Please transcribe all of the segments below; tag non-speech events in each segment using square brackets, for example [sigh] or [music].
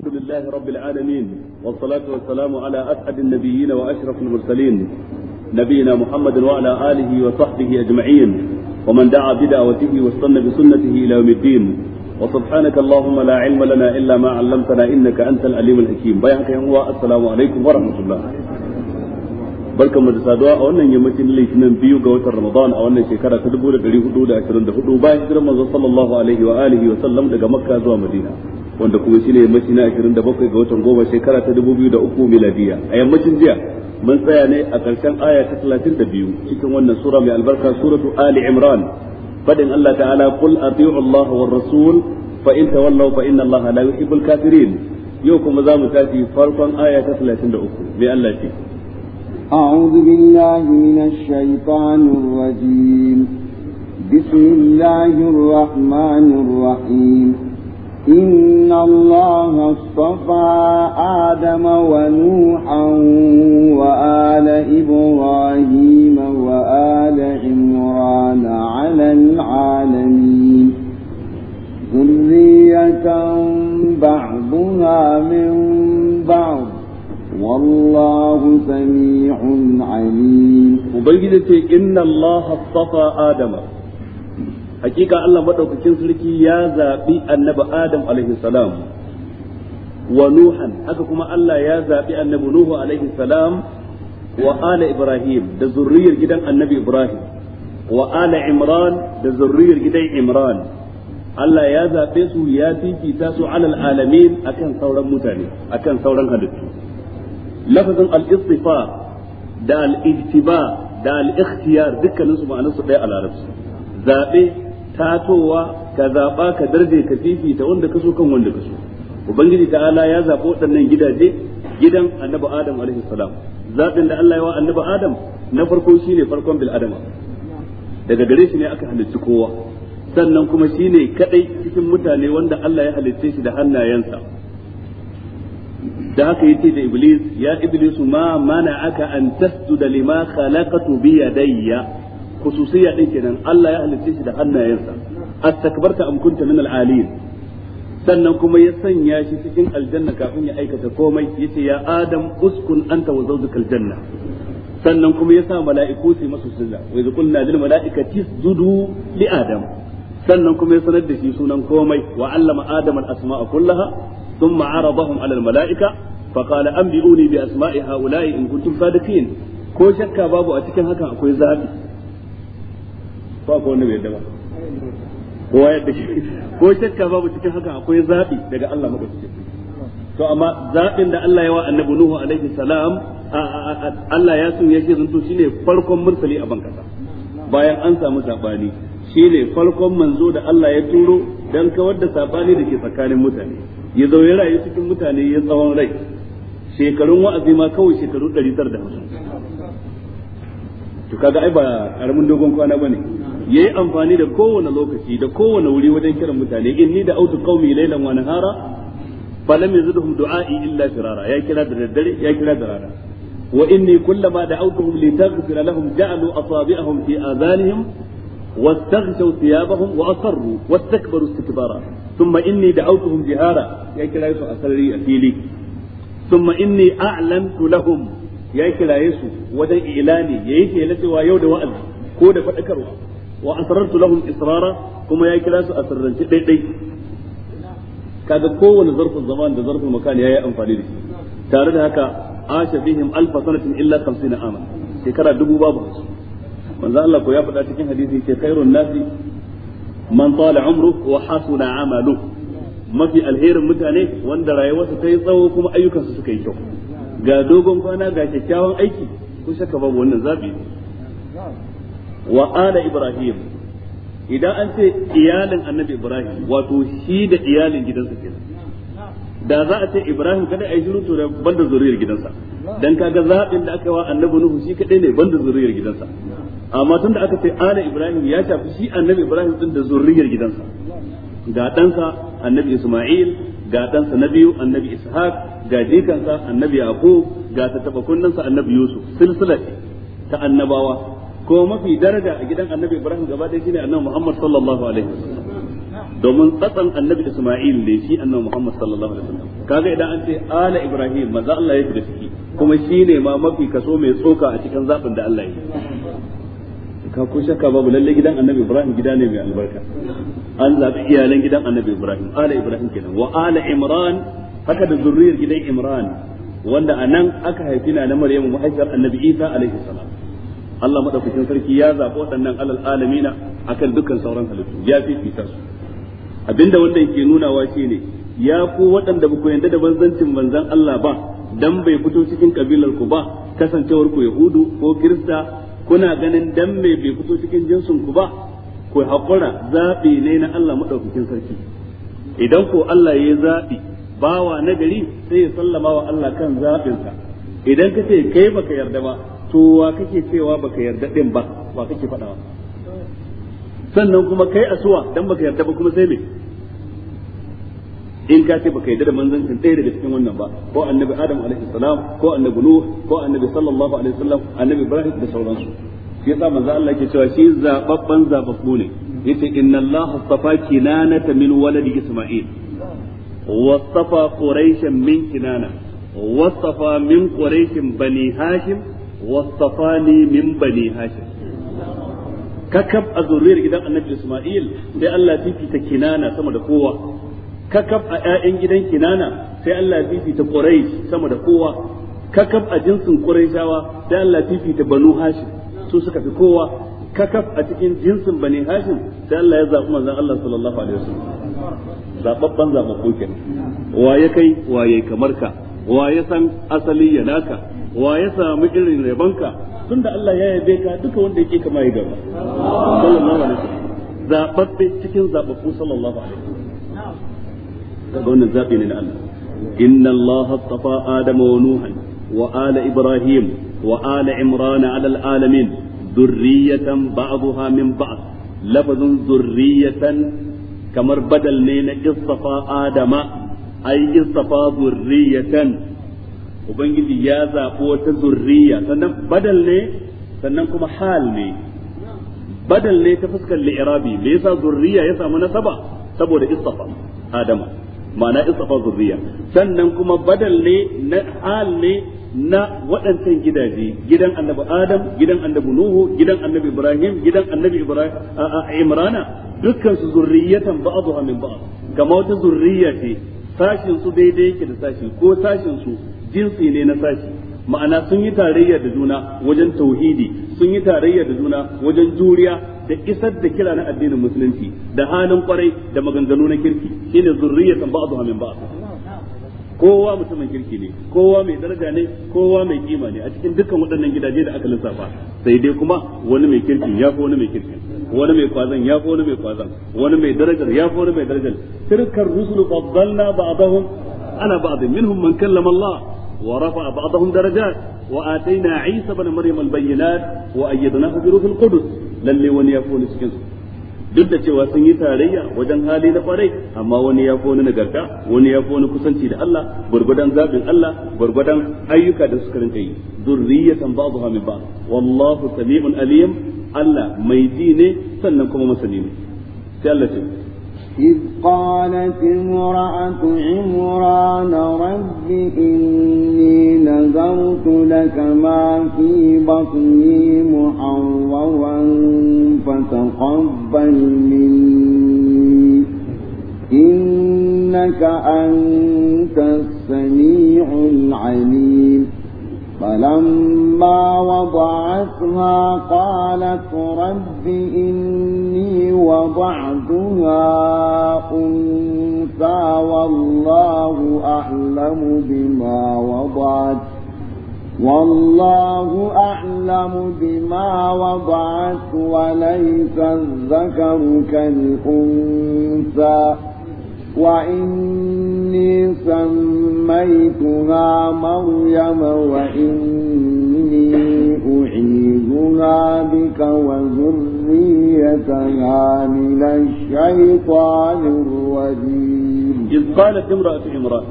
الحمد لله رب العالمين والصلاة والسلام على أسعد النبيين وأشرف المرسلين نبينا محمد وعلى آله وصحبه أجمعين ومن دعا بدعوته واستنى بسنته إلى يوم الدين وسبحانك اللهم لا علم لنا إلا ما علمتنا إنك أنت العليم الحكيم بيانك هو السلام عليكم ورحمة الله barkan mu da saduwa a wannan yammacin litinin biyu ga watan ramadan a wannan shekara ta 1424 bayan hijirar manzo sallallahu alaihi wa alihi wa sallam daga makka zuwa madina wanda kuma shi shine yammaci na 27 ga watan goma shekara ta 2003 miladiya a yammacin jiya mun tsaya ne a ƙarshen aya ta 32 cikin wannan sura mai albarka suratu ali imran fadin Allah ta'ala qul ati'u Allah war rasul fa in tawallaw fa inna Allah la yuhibbul kafirin yau kuma zamu tafi farkon aya ta 33 mai Allah ce أعوذ بالله من الشيطان الرجيم بسم الله الرحمن الرحيم إن الله اصطفى آدم ونوحا وآل إبراهيم وآل عمران على العالمين ذرية بعضها من بعض والله سميع عليم وبيجد إن الله اصطفى آدم hakika Allah madaukakin sarki ya zabi annabi Adam alaihi salam wa Nuhan haka kuma Allah ya zabi annabi Nuhu alaihi salam wa ala Ibrahim da zurriyar gidan annabi Ibrahim wa ala Imran da zurriyar gidan Imran Allah ya zabe su ya fifita su alal alamin akan sauran sauran halittu lafazin al-istifa da al-ijtiba da al-ikhtiyar dukkanin su ɗaya a zaɓe tatowa ka zaɓa ka darje ka fifita wanda ka so kan wanda ka so ubangiji ta'ala ya zaɓi waɗannan gidaje gidan annabi adam alaihi salam zaɓin da Allah ya wa annabi adam na farko shine farkon bil adama daga gare shi ne aka halicci kowa sannan kuma shine kadai cikin mutane wanda Allah ya halicce shi da hannayensa da haka yace da iblis ya iblis ma aka an tasjuda lima khalaqatu bi yadayya khususiyya din kenan Allah ya halicce shi da hannayensa astakbarta am kunta min al-aliyin sannan kuma ya sanya shi cikin aljanna kafin ya aikata komai yace ya adam uskun anta wa zawjuka sannan kuma ya sa mala'iku su masa sujda wa idh lil mala'ikati isjudu li adam sannan kuma ya sanar da shi sunan komai wa allama adam al-asma'a kullaha thumma 'aradahum 'ala al-mala'ika faqala anbi'uni bi asma'i ha'ula'i in kuntum sadiqin ko shakka babu a cikin hakan akwai zabi ko wanda bai yadda ba kowa yadda shi ko shakka babu cikin haka akwai zaɓi daga Allah madaukakin to amma zaɓin da Allah ya wa annabi Nuhu alaihi salam Allah ya so yake zanto shine farkon mursali a bankasa bayan an samu sabani shine farkon manzo da Allah ya turo dan kawar da sabani da ke tsakanin mutane ya zo ya rayu cikin mutane ya tsawon rai shekarun wa'azi ma kawai shekaru 950 to kaga ai ba karamin dogon kwana bane yi amfani da kowane lokaci da kowane wuri wajen kiran mutane ni da autu qaumi laylan wa nahara falam yazidhum du'a'i illa firara ya kira da daddare ya kira da rana wa inni kullama da'awtuhum litaghfir lahum ja'alu asabi'ahum fi adhanihim واستغشوا ثيابهم واصروا واستكبروا استكبارا ثم اني دعوتهم جهارا يا كلا اسرري افيلي ثم اني اعلنت لهم يا كلا يسو اعلاني يا يسو يلتوا يود وأذ كود wa asrartu lahum israra kuma ya kira su asrarance daidai kaga kowane zarfin zaman da zarfin makan yayi amfani da shi tare da haka asha bihim alf sanatin illa 50 aman shekara dubu babu manzo Allah ko ya faɗa cikin hadisi ce khairun nasi man tala umru wa hasuna amalu mafi alherin mutane wanda rayuwarsa ta yi tsawo kuma ayyukansu suka yi kyau ga dogon kwana ga kyakkyawan aiki ku shaka babu wannan zabi wa ala ibrahim idan an ce iyalin annabi ibrahim wato shi da iyalin gidansa kenan da za a ce ibrahim kada a yi shiru to banda zuriyar gidansa dan kaga zaɓin da aka wa annabi nuhu shi kadai ne banda zuriyar gidansa amma tun da aka ce ala ibrahim ya shafi shi annabi ibrahim din da zuriyar gidansa ga ɗansa annabi isma'il ga ɗansa na biyu annabi ishaq ga jikansa annabi yaqub ga tattabakunnansa annabi yusuf silsila ta annabawa ko mafi daraja a gidan annabi ibrahim gaba ɗaya shine annabi muhammad sallallahu alaihi wasallam domin tsatsan annabi isma'il ne shi annabi muhammad sallallahu alaihi wasallam kaga idan an ce ala ibrahim manzo Allah ya da ciki kuma shine ma mafi kaso mai tsoka a cikin zabin da Allah ya yi ka ko shakka babu lalle gidan annabi ibrahim gida ne mai albarka an zabi iyalan gidan annabi ibrahim ala ibrahim kenan wa ala imran haka da zurriyar gidan imran wanda anan aka haifi na na maryamu mahaifiyar annabi isa alaihi salam Allah madaukakin sarki ya zaɓi waɗannan alal alamina akan dukkan sauran halittu ya fifita su abinda wanda yake nunawa ne ya ku waɗanda ba ku yanda da banzancin manzan Allah ba dan bai fito cikin kabilar ku ba kasancewar ku yahudu ko kirista kuna ganin dan mai bai fito cikin jinsin ku ba ku haƙura zaɓi ne na Allah madaukakin sarki idan ko Allah ya zaɓi bawa nagari sai ya sallama wa Allah kan zaɓinsa idan ka ce kai baka yarda ba to wa kake cewa baka yarda din ba wa kake faɗawa sannan kuma kai asuwa dan baka yarda ba kuma sai me in ka ce baka yarda da manzancin ɗaya daga cikin wannan ba ko annabi adam alaihi salam ko annabi nuh ko annabi sallallahu alaihi wasallam annabi ibrahim da sauransu shi yasa manzo Allah yake cewa shi zababban zababbu ne yace inna Allah astafa kinanata min waladi isma'il Wastafa قريشا min kinana, Wastafa min قريش bani Hashim. wasafani min bani hashim kakab a zuriyar gidan annabi isma'il sai Allah fifita kinana sama da kowa kakab a ƴaƴan gidan kinana sai Allah fifita quraish sama da kowa kakab a jinsin quraishawa sai Allah fifita banu hashim su suka fi kowa kakaf a cikin jinsin bani hashim sai Allah ya zaɓi manzon Allah sallallahu alaihi wasallam zababban zababbu kenan wa ya kai wa yayi kamar ka wa ya san asali ya naka wa ya samu irin rebanka tunda Allah ya yabe ka duka wanda yake kama yi gaba sallallahu alaihi wasallam zababbe cikin zababbu sallallahu alaihi wasallam daga wannan zabi ne na Allah inna Allah astafa adama wa nuhan wa ala ibrahim wa ala imran ala alalamin dhurriyatan ba'daha min ba'd lafazun dhurriyatan kamar badal ne na istafa adama ay istafa dhurriyatan ubangiji ya zaɓi wata zurriya sannan badal ne sannan kuma hal ne badal ne ta fuskar li'irabi me yasa zurriya ya samu nasaba saboda istafa adama ma'ana istafa zurriya sannan kuma badal ne na hal ne na waɗancan gidaje gidan annabi adam gidan annabi nuhu gidan annabi ibrahim gidan annabi ibrahim imrana dukkan su zurriyatan ba'dha min ba'd kama wata zurriya ce sashin su daidai yake da sashi ko sashin su jinsi ne na sashi ma'ana sun yi tarayya da juna wajen tauhidi sun yi tarayya da juna wajen juriya da isar da kira na addinin musulunci da halin kwarai da maganganu na kirki shine zurriyatan ba'dha min ba'd kowa mutumin kirki ne kowa mai daraja ne kowa mai kima ne a cikin dukkan waɗannan gidaje da aka lissafa sai dai kuma wani mai kirkin ya fi wani mai kirkin wani mai kwazan ya fi wani mai kwazan wani mai darajar ya fi wani mai darajar turkar rusulu faddalna ba'dahum ana ba'd minhum man kallama Allah ورفع بعضهم درجات وآتينا عيسى بن مريم البينات وأيدناه بروح القدس للي وني يكون سكنس duk da cewa sun yi tarayya wajen hali na kwarai amma wani ya wani nagarta wani ya wani kusanci da Allah gurgudan zabin Allah gurgudan ayyuka da suka rinka yi zurriyatan ba'dha min ba'd wallahu samiun alim Allah mai ji ne sannan kuma masani ne sai Allah ce إذ قالت امرأة عمران رب إني نذرت لك ما في بطني محررا فتقبل مني إنك أنت السميع العليم فلما وضعتها قالت رب إني وضعتها أنثى والله أعلم بما وضعت والله أعلم بما وضعت وليس الذكر كالأنثى وإني سميتها مريم وإني أعيذها بك وذريتها من الشيطان الرجيم إذ قالت امرأة عمران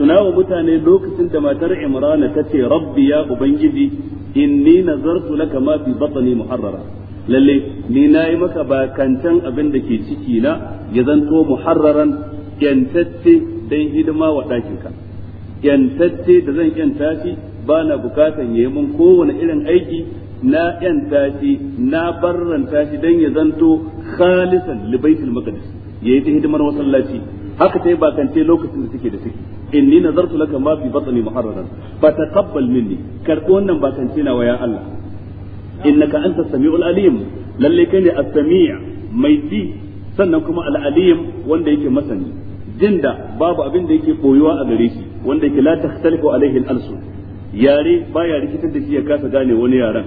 tunawa mutane lokacin da matar imrana ta ce rabbi ya ubangiji inni nazartu laka ma fi batni muharrara lalle ni nayi maka bakantan abin da ke ciki na ya zanto muharraran yantacce dan hidima wa ɗakinka yantacce da zan yanta shi ba na bukatan ya yi mun kowane irin aiki na yanta shi na barranta shi dan ya zanto khalisan li baitul ya yi ta hidimar masallaci haka ta yi bakance lokacin da take da In ni nazar nazartu laka ma fi batni muharraran fa taqabbal minni karbi wannan bakance na waya Allah innaka antas samiul alim lalle kai ne as-sami' mai ji sannan kuma al-alim wanda yake masani jin da babu abin da yake koyuwa a gare shi wanda yake la takhtalifu alaihi al-alsu yare baya rikitar da shi ya kasa gane wani yaran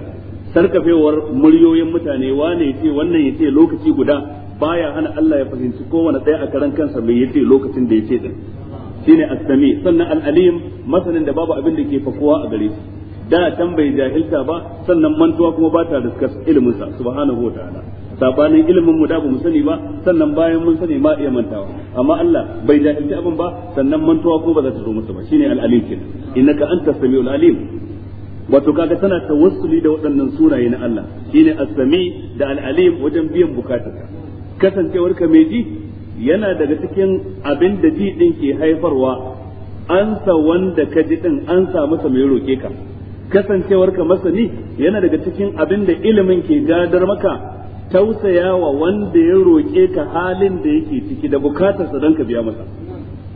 sarkafewar muryoyin mutane wane yace wannan yace lokaci guda baya hana Allah ya fahimci kowane ɗaya a karan kansa mai yace lokacin da yace din shine as sannan al-alim masanin da babu abin da yake fakuwa a gare shi da tambayi jahilta ba sannan mantuwa kuma ba ta da ilimin sa subhanahu wa ta'ala sabanin ilimin mu da ba mu sani ba sannan bayan mun sani ma iya mantawa amma Allah bai jahilci abin ba sannan mantuwa ko ba za ta zo masa ba shine al-alim kenan innaka anta samiul alim wato kaga tana tawassuli da waɗannan sunaye na Allah shine as-sami da al-alim wajen biyan bukatarka kasancewarka mai ji yana daga cikin abin da ji din ke haifarwa an sa wanda ka ji din an sa masa mai roke ka kasancewarka masani yana daga cikin abin da ilimin ke gadar maka tausaya wa wanda ya roƙe ka halin da yake ciki da bukatarsa don ka biya masa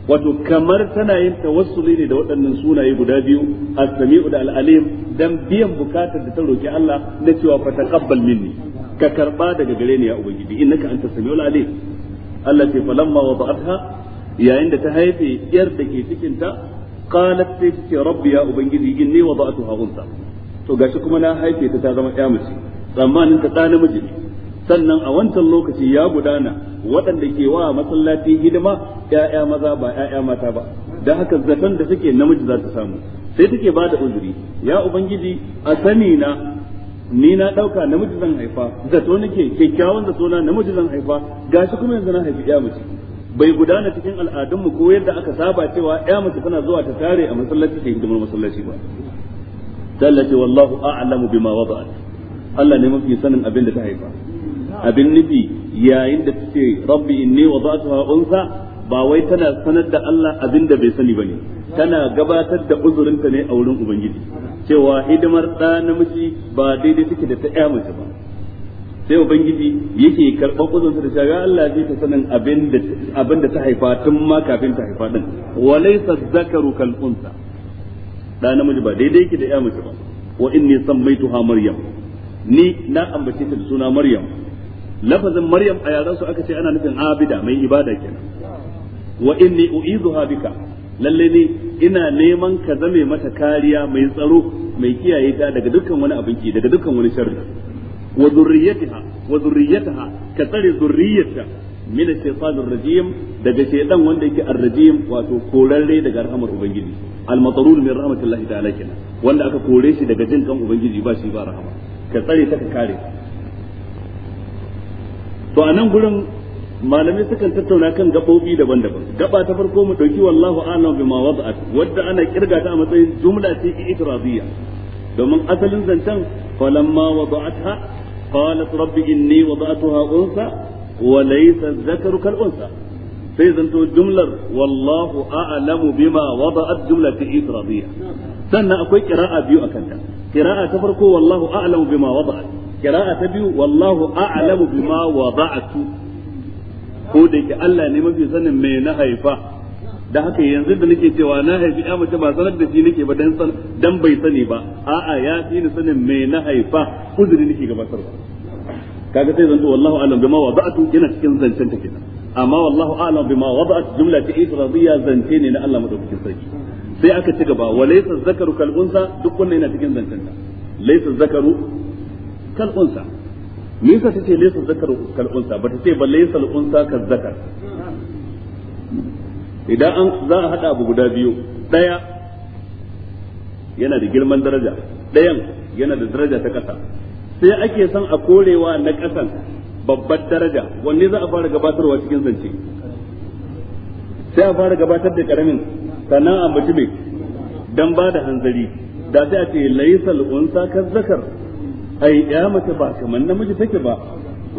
wato kamar tana yin tawassuli ne da waɗannan sunaye guda biyu as-sami'u da al-alim dan biyan bukatar da ta roki Allah na cewa fa taqabbal minni ka karba daga gare ni ya ubangiji innaka antas samiul alim Allah ce fa falamma wada'atha yayin da ta haife yar da ke cikin ta qalat sai ce rabbi ya ubangiji inni wada'tuha unsa to gashi kuma na haife ta ta zama ƴa mace tsammanin ta ɗa namiji ne sannan a wancan lokaci ya gudana waɗanda ke wa masallaci hidima ƴaƴa maza ba ƴaƴa mata ba da haka zaton da suke namiji za su samu sai take ba da uzuri ya ubangiji a sani na ni na ɗauka namiji zan haifa zato nake kyakkyawan zato na namiji zan haifa gashi kuma yanzu na haifi ƴa mace bai gudana cikin al'adunmu ko yadda aka saba cewa ƴa mace tana zuwa ta tare a masallaci da hidimar masallaci ba tallace wallahu a'lamu bima wada'at Allah ne mafi sanin abin da ta haifa abin nufi yayin da take rabbi inni wada'tuha unsa ba wai tana sanar da Allah abin da bai sani bane tana gabatar da uzurinta ne a wurin ubangiji cewa hidimar ɗa namiji ba daidai take da ta ƴa mace ba sai ubangiji yake karɓar uzurinta da shaga Allah zai ta sanin abin da abin da ta haifa tun ma kafin ta haifa din walaysa zakaru kal unsa ɗa namiji ba daidai yake da ƴa mace ba wa inni sammaituha maryam ni na ambace ta da suna maryam lafazin maryam a yaran su aka ce ana nufin abida mai ibada kenan wa inni u'izuha bika lalle ne ina neman ka zame mata kariya mai tsaro mai kiyaye ta daga dukkan wani abinci daga dukkan wani sharri wa zurriyataha wa zurriyataha ka tsare zurriyarta min ash-shaytanir rajim daga shaytan wanda yake ar-rajim wato korarre daga rahmar ubangiji al-matarur min rahmatillahi ta'ala kenan wanda aka kore shi daga jin kan ubangiji ba shi ba rahama ka tsare ta ka kare to a nan gurin malamai sukan tattauna kan gabobi daban-daban gaba ta farko mu dauki wallahu a'lam bima wada'at wadda ana kirga ta a matsayin jumla ce itiraziyya domin asalin zancen falamma wada'atha qalat rabbi inni wada'atuha unsa wa laysa dhakaru kal unsa sai zanto jumlar wallahu a'lamu bima wada'at jumla ce itiraziyya sannan akwai qira'a biyu akan ta qira'a ta farko wallahu a'lamu bima wada'at kira'a ta biyu wallahu a'lamu bima wada'tu ko da yake Allah ne mafi sanin me na haifa da haka yanzu da nake cewa na haifi ya mace ba sanar da shi nake ba dan san dan bai sani ba a'a ya fi ni sanin me na haifa uzuri nake gabatarwa kaga sai zanto wallahu a'lam bima wada'tu yana cikin zancen ta take amma wallahu a'lam bima wada'at jumla ta ifradiyya zance ne na Allah madaukakin sarki sai aka ci gaba wa laysa zakaru kal unsa duk wannan yana cikin zancen ta laysa zakaru kal unsa me yasa tace laysa zakar kal unsa ta ce ba laysa al unsa kal zakar idan an za a hada abu guda biyu daya yana da girman daraja dayan yana da daraja ta kasa sai ake son a korewa na kasan babbar daraja wanne za a fara gabatarwa cikin zance sai a fara gabatar da karamin sannan a mutume dan ba da hanzari da sai a ce laysal unsa kal zakar ai ya mace ba kamar namiji take ba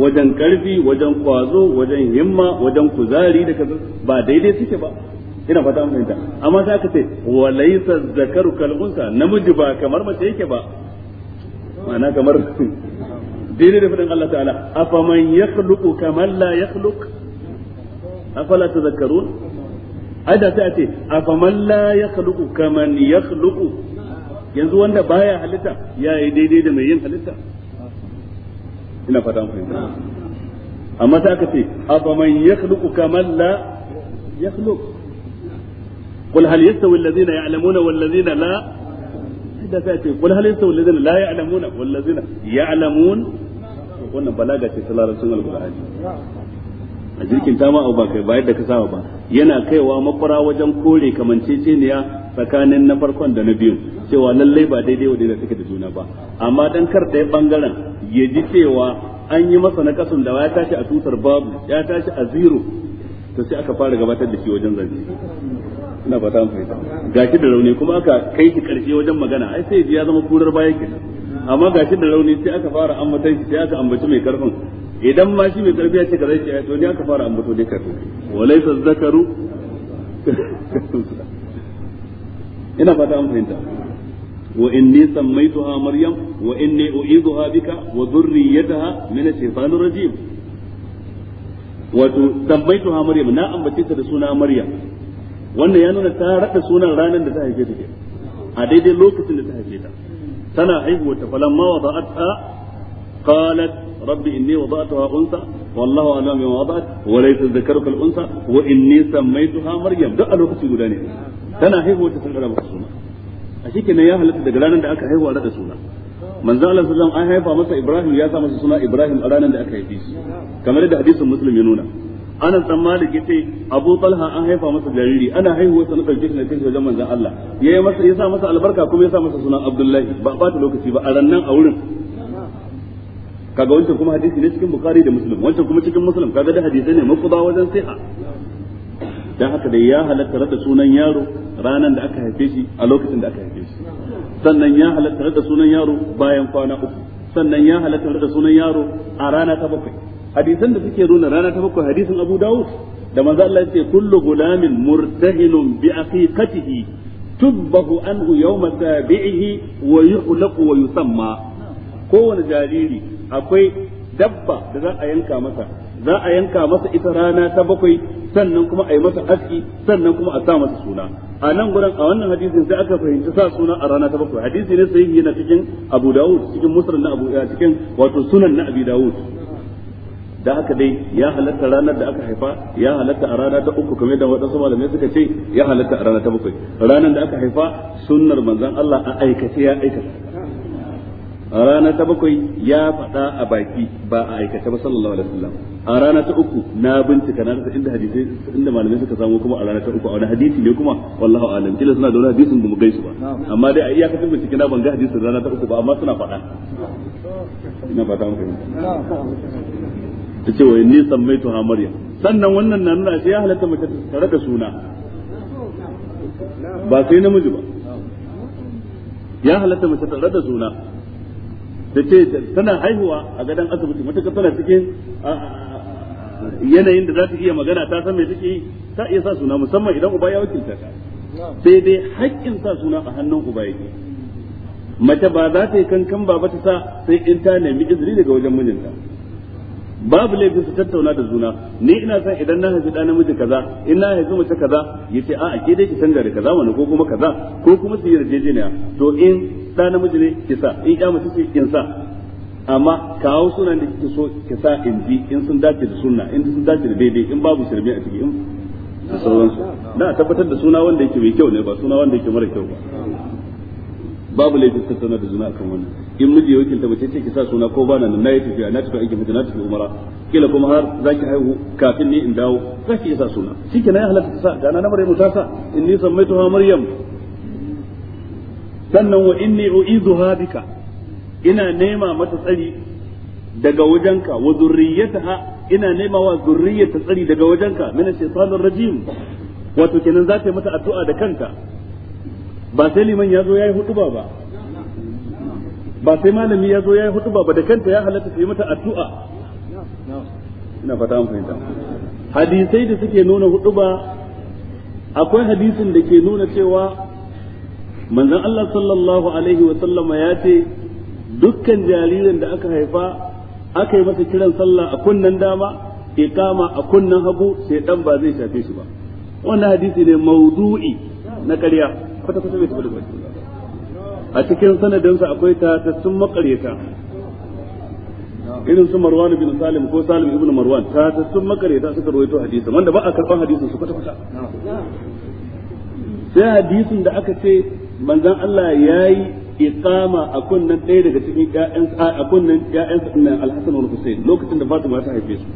wajen karfi wajen kwazo wajen himma wajen kuzari da kaza ba daidai take ba ina fata mun fahimta amma za ka ce wa laysa zakaru kal unsa namiji ba kamar mace yake ba ma'ana kamar [laughs] daidai da fadin Allah ta'ala man yakhluqu kamal la yakhluq afala tadhakkarun ai da sai a ce man la yakhluqu kamal yakhluqu yanzu wanda baya halitta ya yi daidai da mai yin halitta ina fata mu amma ta aka ce afa man yakhluqu kaman la yakhluq qul hal yastawi alladhina ya'lamuna wal ladhina la da ta ce qul hal yastawi alladhina la ya'lamuna wal ladhina ya'lamun wannan balaga ce ta larabcin alqur'ani a jirkin ta ma ba kai ba yadda ka saba ba yana kaiwa makwara wajen kore kamanceceniya tsakanin na farkon da na biyun cewa lallai ba daidai wa daidai suke da juna ba amma dan kar ɗaya bangaren ya ji cewa an yi masa na kasan da ya tashi a tutar babu ya tashi a zero to sai aka fara gabatar da shi wajen zance ina ba ta fahimta gashi da rauni kuma aka kai shi karshe wajen magana ai sai ya zama kurar baya kin amma gashi da rauni sai aka fara ambatan shi sai aka ambaci mai karfin idan ma shi mai karfi ya ce ka zai ce to ne aka fara ambato dai karfi walaysa zakaru [laughs] ina fata an fahimta wa inni sammaituha maryam wa inni bika wa min ash-shaytanir rajim wato sammaituha maryam na ambace ta da suna maryam wannan ya nuna ta rada sunan ranar da ta haife ta a daidai lokacin da ta haife ta tana haihuwa ta falamma wada'atha qalat rabbi inni wada'tuha unsa wallahu a'lam bima wada'at wa laysa dhakaru kal unsa wa inni sammaytuha maryam duk a lokaci guda ne tana haihuwa ta san maka suna a shi kenan ya halatta daga ranar da aka haihuwa da suna manzo Allah an haifa masa Ibrahim ya sa masa suna Ibrahim a ranar da aka haife shi kamar da hadisin Muslim ya nuna ana san malik yace abu talha an haifa masa jariri ana haihuwa sa na dauke shi na kai wajen manzon Allah ya masa yasa masa albarka kuma yasa masa abdullahi ba ba ta lokaci ba a rannan a wurin kaga wancan kuma hadisi ne cikin bukhari da muslim wancan kuma cikin muslim kaga da hadisai ne makuba wajen siha dan haka dai ya halatta da sunan yaro ranan da aka haife shi a lokacin da aka haife shi sannan ya halatta da sunan yaro bayan kwana uku sannan ya halatta da sunan yaro a rana ta bakwai hadisan da suke nuna rana ta bakwai hadisin Abu Dawud da manzo Allah yace kullu gulamin murtahinun bi aqiqatihi tubbahu anhu yawma sabihi wa yuhlaqu wa yusamma kowane jariri akwai dabba da za a yanka masa za a yanka masa ita rana ta bakwai sannan kuma a yi masa aski sannan kuma a sa masa suna a nan gurin a wannan hadisin sai aka fahimci sa suna a rana ta bakwai hadisi ne sai yana cikin Abu Dawud cikin Muslim na Abu eh, cikin wato sunan na Abi Dawud da haka dai ya halatta ranar da aka haifa ya halatta a rana ta uku kamar da waɗansu malamai suka ce ya halatta a rana ta bakwai ranar da aka haifa sunnar manzon Allah a aikace ya aikata a rana ta bakwai ya faɗa a baki ba a aikata ba sallallahu alaihi wasallam a rana ta uku na bincika na rasa inda hadisi inda malamai suka samu kuma a rana ta uku a wani hadisi ne kuma wallahu alam kila suna da wani hadisin da mu gaisu ba amma dai a iyakacin bincike na ban ga hadisin rana ta uku ba amma suna faɗa ina fata muku ta ce wa ni sammaitu ha maryam sannan wannan na nuna sai ya halatta mace ta raka suna ba sai namiji ba ya halatta mace ta raka suna ta ce tana haihuwa a gadon asibiti matuƙar tana cikin yanayin da za ta iya magana ta san me take yi ta iya sa suna musamman idan uba ya wakilta ta sai dai haƙƙin sa suna a hannun uba yake mace ba za ta yi kankan ba ta sa sai in ta nemi izini daga wajen mijinta babu laifin su tattauna da juna ni ina san idan na haifi ɗan namiji kaza in na haifi mace kaza ya ce a'a ke dai ki canza da kaza wani ko kuma kaza ko kuma su yi yarjejeniya to in da namiji ne ki sa in ya mutu ce in sa amma kawo sunan da kike so ki sa in ji in sun dace da sunna in sun dace da daidai in babu shirme a ciki in da sauransu da tabbatar da suna wanda yake mai kyau ne ba suna wanda yake mara kyau ba babu laifin tattauna da suna akan wannan in miji ya wakilta mace ce ki sa suna ko bana nan nayi tafiya na tafi aiki na tafi umara kila kuma har zaki haihu kafin ni in dawo zaki isa suna shike na ya halatta sa dana na Maryam ta sa inni sammaituha Maryam sannan wa inni u'idu Habika ina nema mata tsari daga wajenka wa zurriyataha ina nema wa zurriyata tsari daga wajenka min ash-shaytanir rajim wato kenan za ta yi mata addu'a da kanta ba sai liman ya zo yayi hutuba ba ba sai malami ya zo yayi hutuba ba da kanta ya halatta ta yi mata addu'a ina fata an fahimta hadisai da suke nuna hutuba akwai hadisin da ke nuna cewa manzon Allah sallallahu alaihi wa sallama ya ce dukkan jaririn da aka haifa aka yi masa kiran sallah a kunnen dama iqama a kunnen hagu sai dan ba zai shafe shi ba wannan hadisi ne maudu'i na ƙarya kwata kwata bai tabbata ba a cikin sanadinsa akwai tatassun makaryata irin su Marwan bin Salim ko Salim ibn Marwan tatassun makaryata suka rawaito hadisin wanda ba a karban hadisin su kwata kwata sai hadisin da aka ce manzon Allah yayi iqama a kunnan ɗaya daga cikin ƴaƴan a kunnen ƴaƴan sunan al-Hasan wal Husayn lokacin da Fatima ta haife su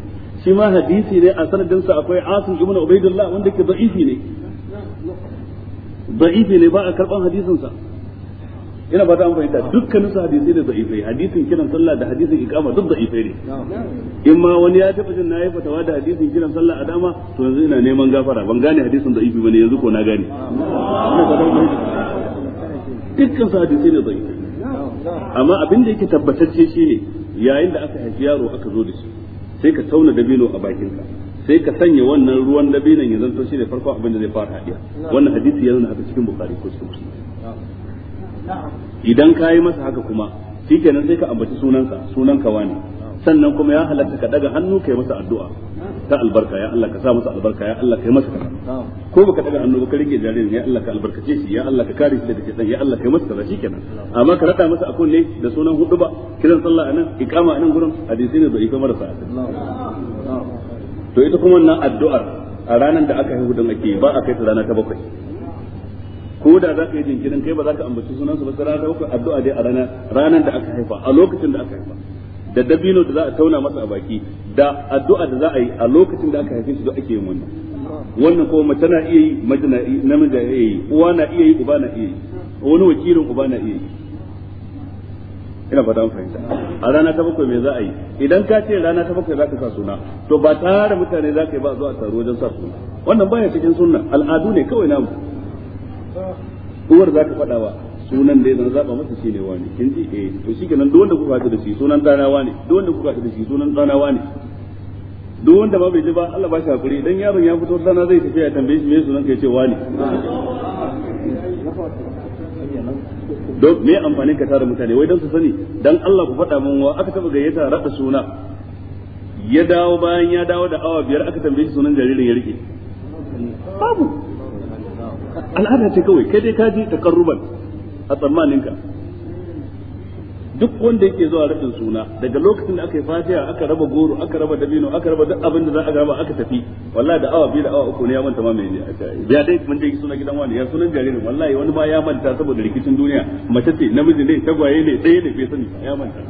shi ma hadisi ne a sanadin sa akwai Asim ibn Ubaidullah wanda ke da'ifi ne da'ifi ne ba a karban hadisin sa ina ba ta amfani fahimta dukkanin su hadisi da za'ifai hadisin kiran sallah da hadisin ikama duk da'ifai ne in ma wani ya taɓa jin nayi fatawa da hadisin kiran sallah a dama to yanzu ina neman gafara ban gane hadisin da'ifi bane yanzu ko na gane dukkan su hadisi ne za'ifai amma abin da yake tabbatacce ne yayin da aka haifi yaro aka zo da shi sai ka tauna dabino a bakinka sai ka sanya wannan ruwan dabinon ya zanto shine farko abin da zai fara hadiya wannan hadisi yana haka cikin bukari ko cikin musulmi idan ka yi masa haka kuma nan sai ka ambaci sunansa sunan ka wani sannan kuma ya halatta ka daga hannu yi masa addu'a ta albarka ya Allah ka sa masa albarka ya Allah ka yi masa kaza ko baka daga hannu ba ka rike jaririn ya Allah ka albarkace shi ya Allah ka kare shi daga kitan ya Allah ka yi masa kaza shikenan amma ka rada masa akon ne da sunan hudu ba kiran sallah anan iqama anan gurin hadisi ne da ifa marasa to ita kuma wannan addu'ar a ranar da aka haihu hudun ake ba a kai ta rana ta bakwai ko da za ka yi jinkirin kai ba za ka ambaci sunansa ba sai ranar uku addu'a dai a ranar ranar da aka haifa a lokacin da aka haifa da dabino da za a tauna masa a baki da addu'a da za a yi a lokacin da aka haife shi duk ake yin wannan wannan ko mace na iya yi mace na iya namiji na iya yi uwa na iya yi uba na iya yi wani wakilin uba na iya yi ina fata mun fahimta a rana ta bakwai me za a yi idan ka ce rana ta bakwai za ka sa suna to ba tare mutane za ka yi ba zuwa taro wajen sa suna wannan baya cikin sunna al'adu ne kawai namu uwar za ka faɗa wa sunan da zan zaba masa shine wani kin ji eh to shikenan duk wanda kuka haɗu da shi sunan dana wani duk wanda kuka haɗu da shi sunan dana wani duk wanda ba bai ji ba Allah ba shi hakuri dan yaron ya fito dana zai tafi ya tambaye shi me sunan kai ce wani don me amfanin ka tara mutane wai dan su sani dan Allah ku faɗa min wa aka taba gayyata raɗa suna ya dawo bayan ya dawo da awa biyar aka tambaye shi sunan jaririn ya rike babu al'ada ce kawai kai dai ka ji takarruban a tsammaninka duk wanda yake zuwa rabin suna daga lokacin da aka yi fatiha aka raba goro aka raba dabino aka raba duk abin da za a raba aka tafi wallahi da awa biyu da awa uku ne ya manta ma mai ya dai mun je suna gidan wani ya sunan jaririn wallahi wani ba ya manta saboda rikicin duniya mace ce namiji ne tagwaye ne ɗaya ne bai sani ya manta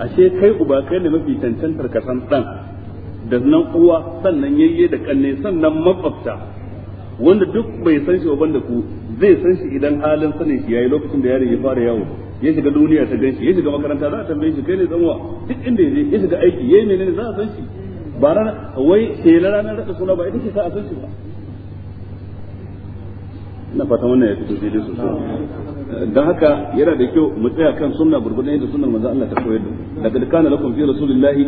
ashe kai uba kai ne mafi cancantar ka san dan da nan uwa sannan yayye da kanne sannan makwabta wanda duk bai san shi ba banda ku zai san shi idan halin sanin shi yayi lokacin da yaron ya fara yawo ya shiga duniya ta ganshi ya shiga makaranta za a tambaye shi kai ne danwa duk inda yaje ya shiga aiki yayi menene za a san shi ba ran wai shela ranar rada suna ba ita ce sa a san shi ba ina fata wannan ya fito daidai su don haka yana da kyau mu tsaya kan sunna gurgurdan yadda sunnar manzo Allah ta koyar da daga kana lakum fi rasulillahi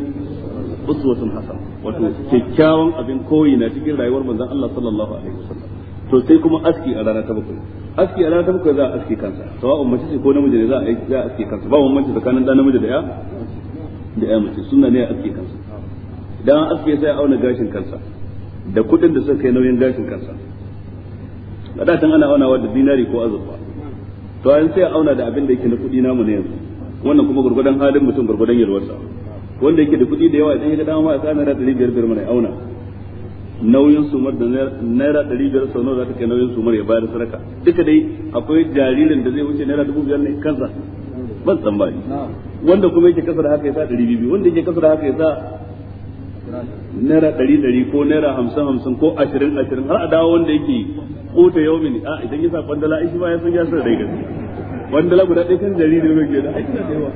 uswatun hasana wato kyakkyawan abin koyi na cikin rayuwar manzon Allah sallallahu alaihi wasallam to sai kuma aski a rana ta bakwai aski a rana ta bakwai za a aski kansa sawa'un mace ce ko namiji ne za a za a aski kansa ba mace tsakanin da namiji da ya da ya mace sunna ne a aski kansa idan an aski sai a auna gashin kansa da kuɗin da suka kai nauyin gashin kansa da tan ana aunawa da dinari ko azurfa to an sai a auna da abin da yake na kuɗi namu ne yanzu wannan kuma gurgudan halin mutum gurgudan yalwarsa wanda yake da kuɗi da yawa idan ya ga dama ya sa naira ɗari biyar biyar mana auna nauyin sumar da naira ɗari biyar sau nawa za ta kai nauyin sumar ya bayar sadaka duka dai akwai jaririn da zai wuce naira dubu biyar ne kansa ban san ba wanda kuma yake kasa da haka ya sa ɗari biyu wanda yake kasa da haka ya sa naira ɗari ɗari ko naira hamsin hamsin ko ashirin ashirin har a dawo wanda yake kota yau mini a idan ya sa kwandala ishi ba ya san ya sa dai gaske kwandala guda ɗaya kan jaririn ne ke da aiki da yawa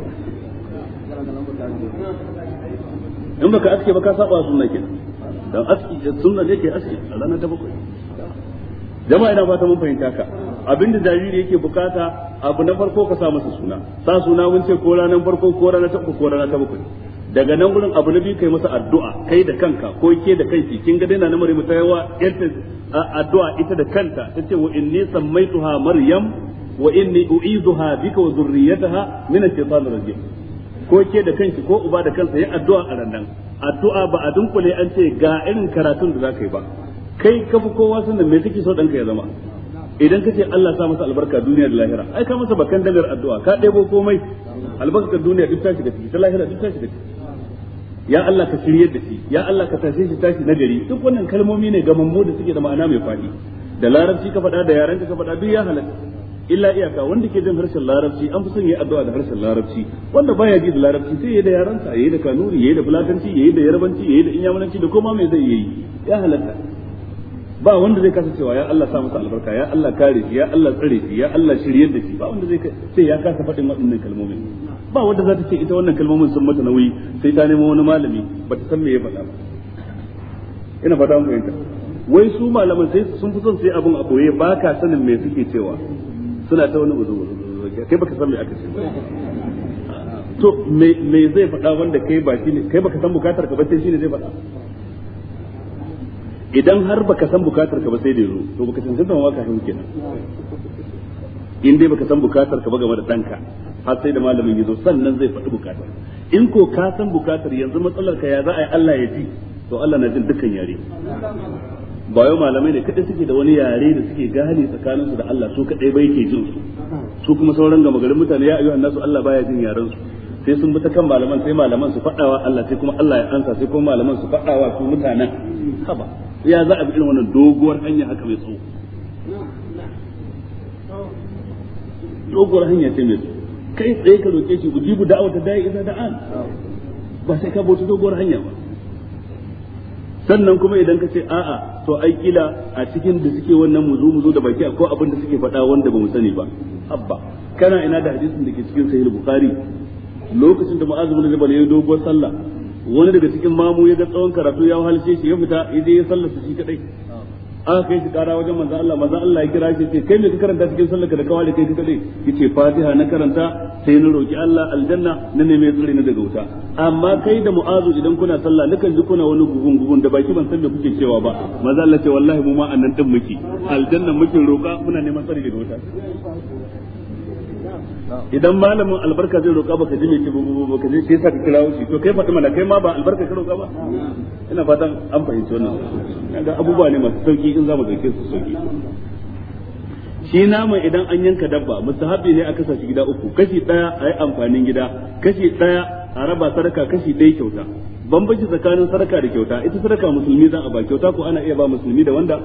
in baka aske ba ka saba sunna ke dan aski sunna ne ke aski a ranar ta bakwai jama'a ina fata mun fahimta ka abinda jariri yake bukata abu na farko ka sa masa suna sa suna mun ce ko ranar farko ko ranar ta ko ranar ta bakwai daga nan gurin abu na biyu kai masa addu'a kai da kanka ko ke da kanki kin ga dai na namare mu tayawa yarta addu'a ita da kanta ce wa inni sammaituha maryam wa inni u'iduha bika wa zurriyataha min ash-shaytanir rajim ko ke da kanki ko uba da kansa yi addu'a a randan addu'a ba a dunkule an ce ga irin karatun da zaka yi ba kai ka fi kowa sanin me kake so ka ya zama idan ka ce Allah sa masa albarka duniya da lahira ai ka masa bakan dalar addu'a ka ɗebo komai albarkar duniya duk tashi da ciki ta lahira duk tashi da ciki ya Allah ka shirye da shi ya Allah ka tashe shi tashi na gari duk wannan kalmomi ne ga mammu da suke da ma'ana mai faɗi da larabci ka faɗa da yaranka ka faɗa duk ya halatta illa iyaka wanda ke jin harshen larabci an fi son yi addu'a da harshen larabci wanda baya ji da larabci sai yayi da yaransa yayi da kanuri yayi da fulatanci yayi da yarbanci yayi da inyamanci da koma mai zai yi ya halatta ba wanda zai kasa cewa ya Allah sa masa albarka ya Allah kare shi ya Allah tsare shi ya Allah shirye da shi ba wanda zai sai ya kasa faɗin waɗannan kalmomin ba wanda za ta ce ita wannan kalmomin sun mata nauyi sai ta nemo wani malami ba ta san me ya faɗa ba ina fata mun fahimta wai su malaman sai sun fi son sai abun a koye ba ka sanin me suke cewa suna ta wani wuzu kai baka san me aka ce to me me zai faɗa wanda kai ba ne kai baka san bukatar ka ba sai ne zai faɗa idan har baka san bukatar ka ba sai da yazo to baka san ma waka hin kenan in dai baka san bukatar ka ba game da danka har sai da malamin yazo sannan zai faɗi bukatar in ko ka san bukatar yanzu matsalar ka ya za a yi Allah ya ji to Allah na jin dukkan yare ba yau malamai ne kadai suke da wani yare da suke gane tsakaninsu da Allah su kadai bai ke jin su su kuma sauran gama garin mutane ya ayyuhan nasu Allah baya jin yaren su sai sun bi ta kan malaman sai malaman su fadawa Allah sai kuma Allah ya ansa sai kuma malaman su fadawa su mutanen haba ya za a bi irin wannan doguwar hanya haka mai tsawo doguwar hanya ce mai tsawo kai tsaye ka roke shi ku dibu ta da'i idan da'an ba sai ka bauta doguwar hanya ba sannan kuma idan ka ce a'a to ai kila a cikin da suke wannan muzu muzu da baki akwai abin da suke faɗa wanda ba mu sani ba abba kana ina da hadisin da ke cikin sahih bukhari lokacin da mu'azu bin jabal ya dogo sallah wani daga cikin mamu ya ga tsawon karatu ya halshe shi ya fita ya je ya sallar shi kadai aka kai shi kara wajen Maza Allah Maza Allah ya kira shi ce kai me ka karanta cikin sallaka da kawai kai kadai yace Fatiha na karanta sai na roki Allah aljanna na ne tsare na daga wuta amma kai da Mu'azu idan kuna sallah nukan ji kuna wani gugun gugun da baki ban san me kuke cewa ba Maza Allah ce wallahi mu ma annan din muke aljanna muke roka muna neman tsare daga wuta idan malamin albarka zai roƙa baka ji mai ce baka ji sai sa ka kira shi to kai faɗi mana kai ma ba albarka ka roƙa ba ina fatan an fahimci wannan kaga abubuwa ne masu sauki in zamu dauke su sauki shi nama idan an yanka dabba mustahabi ne a kasa shi gida uku kashi daya a yi amfanin gida kashi daya a raba sadaka kashi ɗaya kyauta bambanci tsakanin sadaka da kyauta ita sadaka musulmi za a ba kyauta ko ana iya ba musulmi da wanda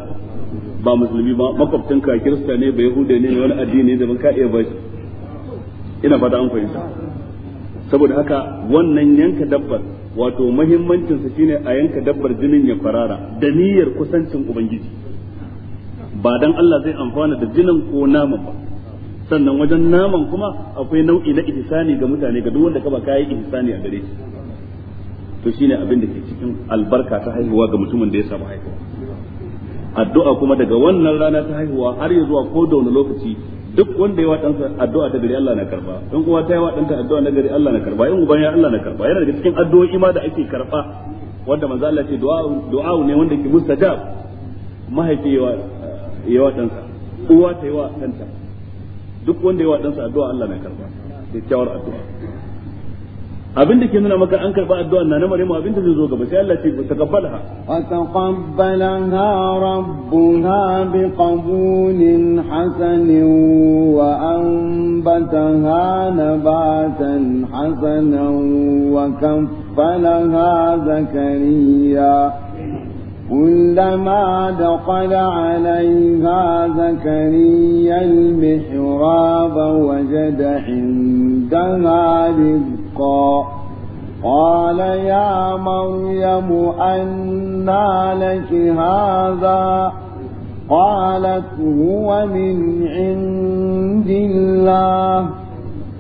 ba musulmi ba makwabtanka kirista ne ba yahuda ne wani addini da ban ka iya ba shi ina fata an fahimta saboda haka wannan yanka dabbar wato mahimmancin shine a yanka dabbar jinin ya farara da niyyar kusancin ubangiji ba dan Allah zai amfana da jinin ko naman ba sannan wajen naman kuma akwai nau'i na ihsani ga mutane ga duk wanda ka ba kai ihsani a gare shi to shine abin da ke cikin albarka ta haihuwa ga mutumin da ya samu haihuwa addu'a kuma daga wannan rana ta haihuwa har ya zuwa ko da wani lokaci duk wanda ya wadansa addu'a da gari Allah na karba in uwa ta yi wadanta addu'a na gari Allah na karba in uban ya Allah na karba yana daga cikin addu'o'i ma da ake karba wanda manzo Allah ce du'a du'a ne wanda ke mustajab mahaifi ya ya wadansa uwa ta yi wa duk wanda ya wadansa addu'a Allah na karba kyakkyawar addu'a abin da ke nuna maka an karba addu'an na na Maryamu abin da zai zo gaba sai Allah ce ta kabbalha wa taqabbalaha rabbuha bi qabulin hasanin wa anbataha nabatan hasanan wa kaffalaha zakariya كلما دخل عليها زكريا المحراب وجد عندها رزقا رزقا قال يا مريم أنى لك هذا قالت هو من عند الله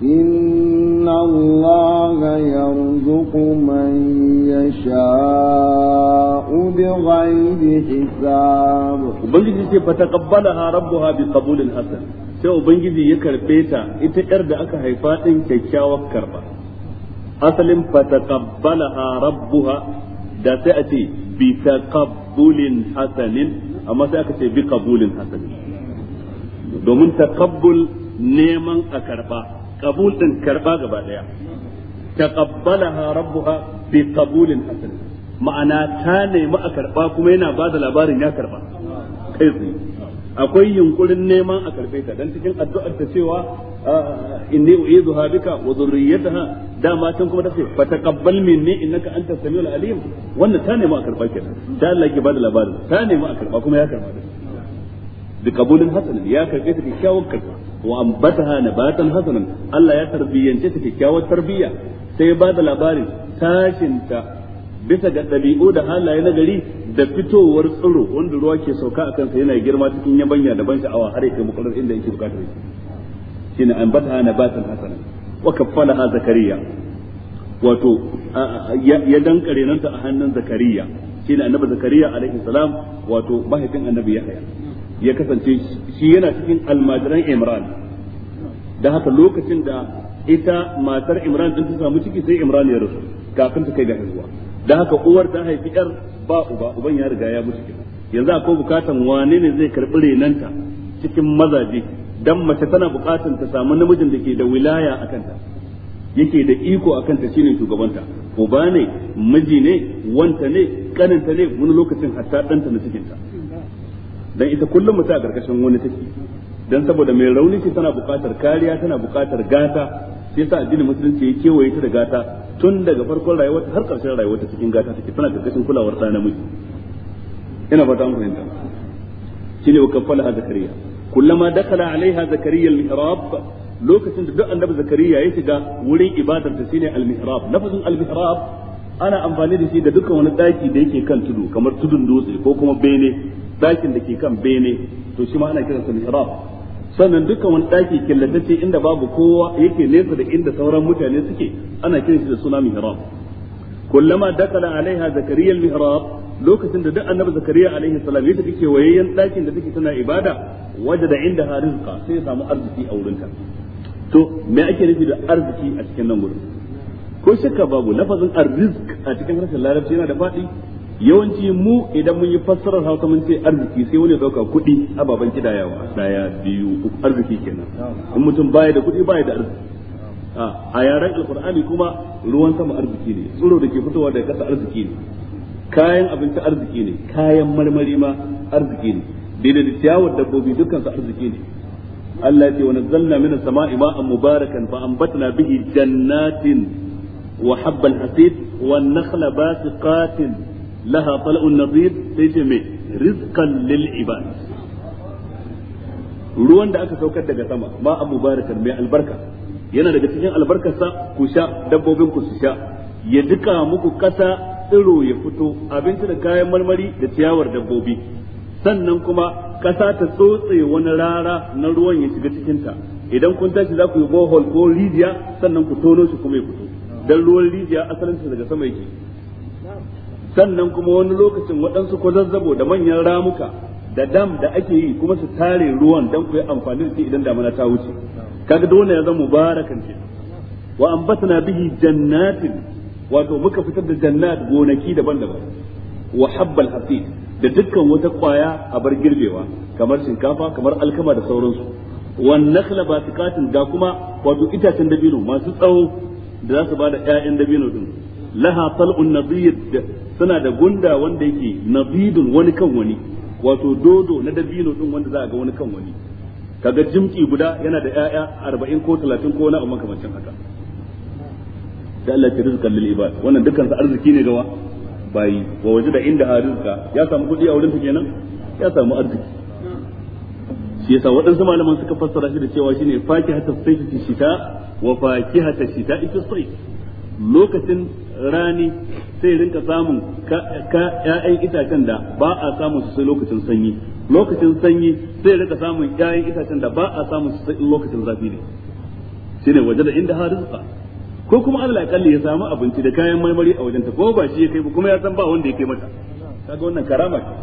إن الله يرزق من يشاء بغير حساب وبنجي ce fataqabbalaha rabbuha biqabulin hasan sai ubangiji ya karɓe ta ita yar da aka haifa ɗin kyakkyawar karba asalin fataqabbalaha rabbuha da sai a ce bi taqabbulin hasanin amma sai aka ce bi qabulin hasanin domin taqabbul neman a karba qabul din karba gaba daya taqabbalaha rabbuha bi qabulin hasanin ma'ana ta nemi a karba kuma yana ba da labarin ya karba kai tsaye akwai yunkurin neman a karfe ta dan cikin addu'ar ta cewa ah, inni u'izuha bika wa dhurriyyataha dama can kuma tace fa taqabbal minni innaka antas samiul alim wannan ta nemi a karba ke da Allah ke bada labarin ta nemi a karba kuma ya karba da kabulin hasanin ya karbe ta kyakkyawar karba wa ambataha nabatan hasanan Allah ya tarbiyyance ta kyakkyawar tarbiyya sai ya bada labarin tashin ta. bisa ga dabi'u da halaye na gari da fitowar tsiro wanda ruwa ke sauka a kansa yana girma cikin yabanya da ban sha'awa har yake mukallar inda yake bukatar shi shine an bata na batan hasana wa ha zakariya wato ya dankare nan ta a hannun zakariya shine annabi zakariya alaihi salam wato mahaifin annabi yahya ya kasance shi yana cikin almajiran imran da haka lokacin da ita matar imran din ta samu ciki sai imran ya rasu kafin ta kai ga haihuwa da haka uwar ta haifi yar ba uba uban ya riga ya mutu kenan yanzu akwai bukatan wane ne zai karbi renanta cikin mazaje dan mace tana bukatan ta samu namijin da ke da wilaya a kanta yake da iko a kanta shine shugabanta uba ne miji ne wanta ne kaninta ne wani lokacin hatta danta na cikinta dan ita kullum mutum a karkashin wani take dan saboda mai rauni ce tana bukatar kariya tana bukatar gata shi yasa addinin musulunci ya kewaye ta da gata tun daga farkon rayuwarta har ƙarshen rayuwarta cikin gata take tana karkashin kulawar ɗa namiji ina fata an fahimta shine wa kaffala zakariya kullama dakala alaiha zakariya al-mihrab lokacin da duk annabi zakariya ya shiga wurin ibadar ta shine al-mihrab lafazin al-mihrab ana amfani da shi da dukkan wani daki da yake kan tudu kamar tudun dutse ko kuma bene dakin da ke kan bene to shi ma ana kiransa mihrab sannan dukkan wani daki killatacce inda babu kowa yake nesa da inda sauran mutane suke ana kiran shi da suna mihrab kullama dakala alaiha zakariya mihrab lokacin da duk annabi zakariya alaihi salam ya tafi kewayen dakin da take tana ibada wajada inda harizqa sai ya samu arziki a wurinta to me ake nufi da arziki a cikin nan gurin ko shakka babu lafazin arzik a cikin harshen larabci yana da faɗi yawanci mu idan mun yi fassarar hausa mun ce arziki sai wani dauka kuɗi ababen kidayawa daya biyu uku arziki kenan in mutum baya da kuɗi baya da arziki a yaren alkur'ani kuma ruwan sama arziki ne tsoro da ke fitowa daga kasa arziki ne kayan abinci arziki ne kayan marmari ma arziki ne daidai da ciyawar dabbobi dukkan su arziki ne Allah ya ce wa nazzalna sama sama'i ma'an mubarakan fa ambatna bihi jannatin wa habbal hasid wa nakhla basiqatin laha طلع النظير sai ce mai rizqan lil ruwan da aka saukar daga sama ma a mubarakan mai albarka yana daga cikin albarkarsa ku sha dabbobin ku su sha ya duka muku kasa tsiro ya fito abinci da kayan marmari da ciyawar dabbobi sannan kuma kasa ta tsotse wani rara na ruwan ya shiga cikinta idan kun tashi za ku yi bohol ko rijiya sannan ku tono shi kuma ya fito dan ruwan rijiya asalin daga sama yake sannan kuma wani lokacin waɗansu ko zazzabo da manyan ramuka da dam da ake yi kuma su tare ruwan don ku yi amfani da idan damana ta wuce kaga dole ya zama mubarakan ce wa ambatna bihi jannatin wato muka fitar da jannat gonaki daban-daban wa habbal hasid da dukkan wata kwaya a bar girbewa kamar shinkafa kamar alkama da sauransu ba nakhla batiqatin ga kuma wato itacen dabino masu tsawo da za su ba da 'ya'yan dabino din laha tal'un nadid suna da gunda wanda yake nadidun wani kan wani wato dodo na dabino din wanda za a ga wani kan wani kaga jimki guda yana da ƴaƴa 40 ko 30 ko wani abu makamancin haka da Allah ya rizqa lil ibad wannan dukkan sa arziki ne gawa bayi wa waje da inda arzika ya samu kudi a wurin ta kenan ya samu arziki shi yasa waɗansu malaman suka fassara shi da cewa shine fakihatus sayfi shita wa fakihatus shita fi sayf lokacin rani sai rinka samun ka ƴaƴan itacen da ba a samun su sai lokacin sanyi lokacin sanyi sai rinka samun ƴaƴan itacen da ba a samun su sai lokacin zafi ne ne waje da inda har rizqa ko kuma Allah kalli ya samu abinci da kayan marmari a wajenta ko ba shi ya kai kuma ya san ba wanda ya kai mata kaga wannan karama ce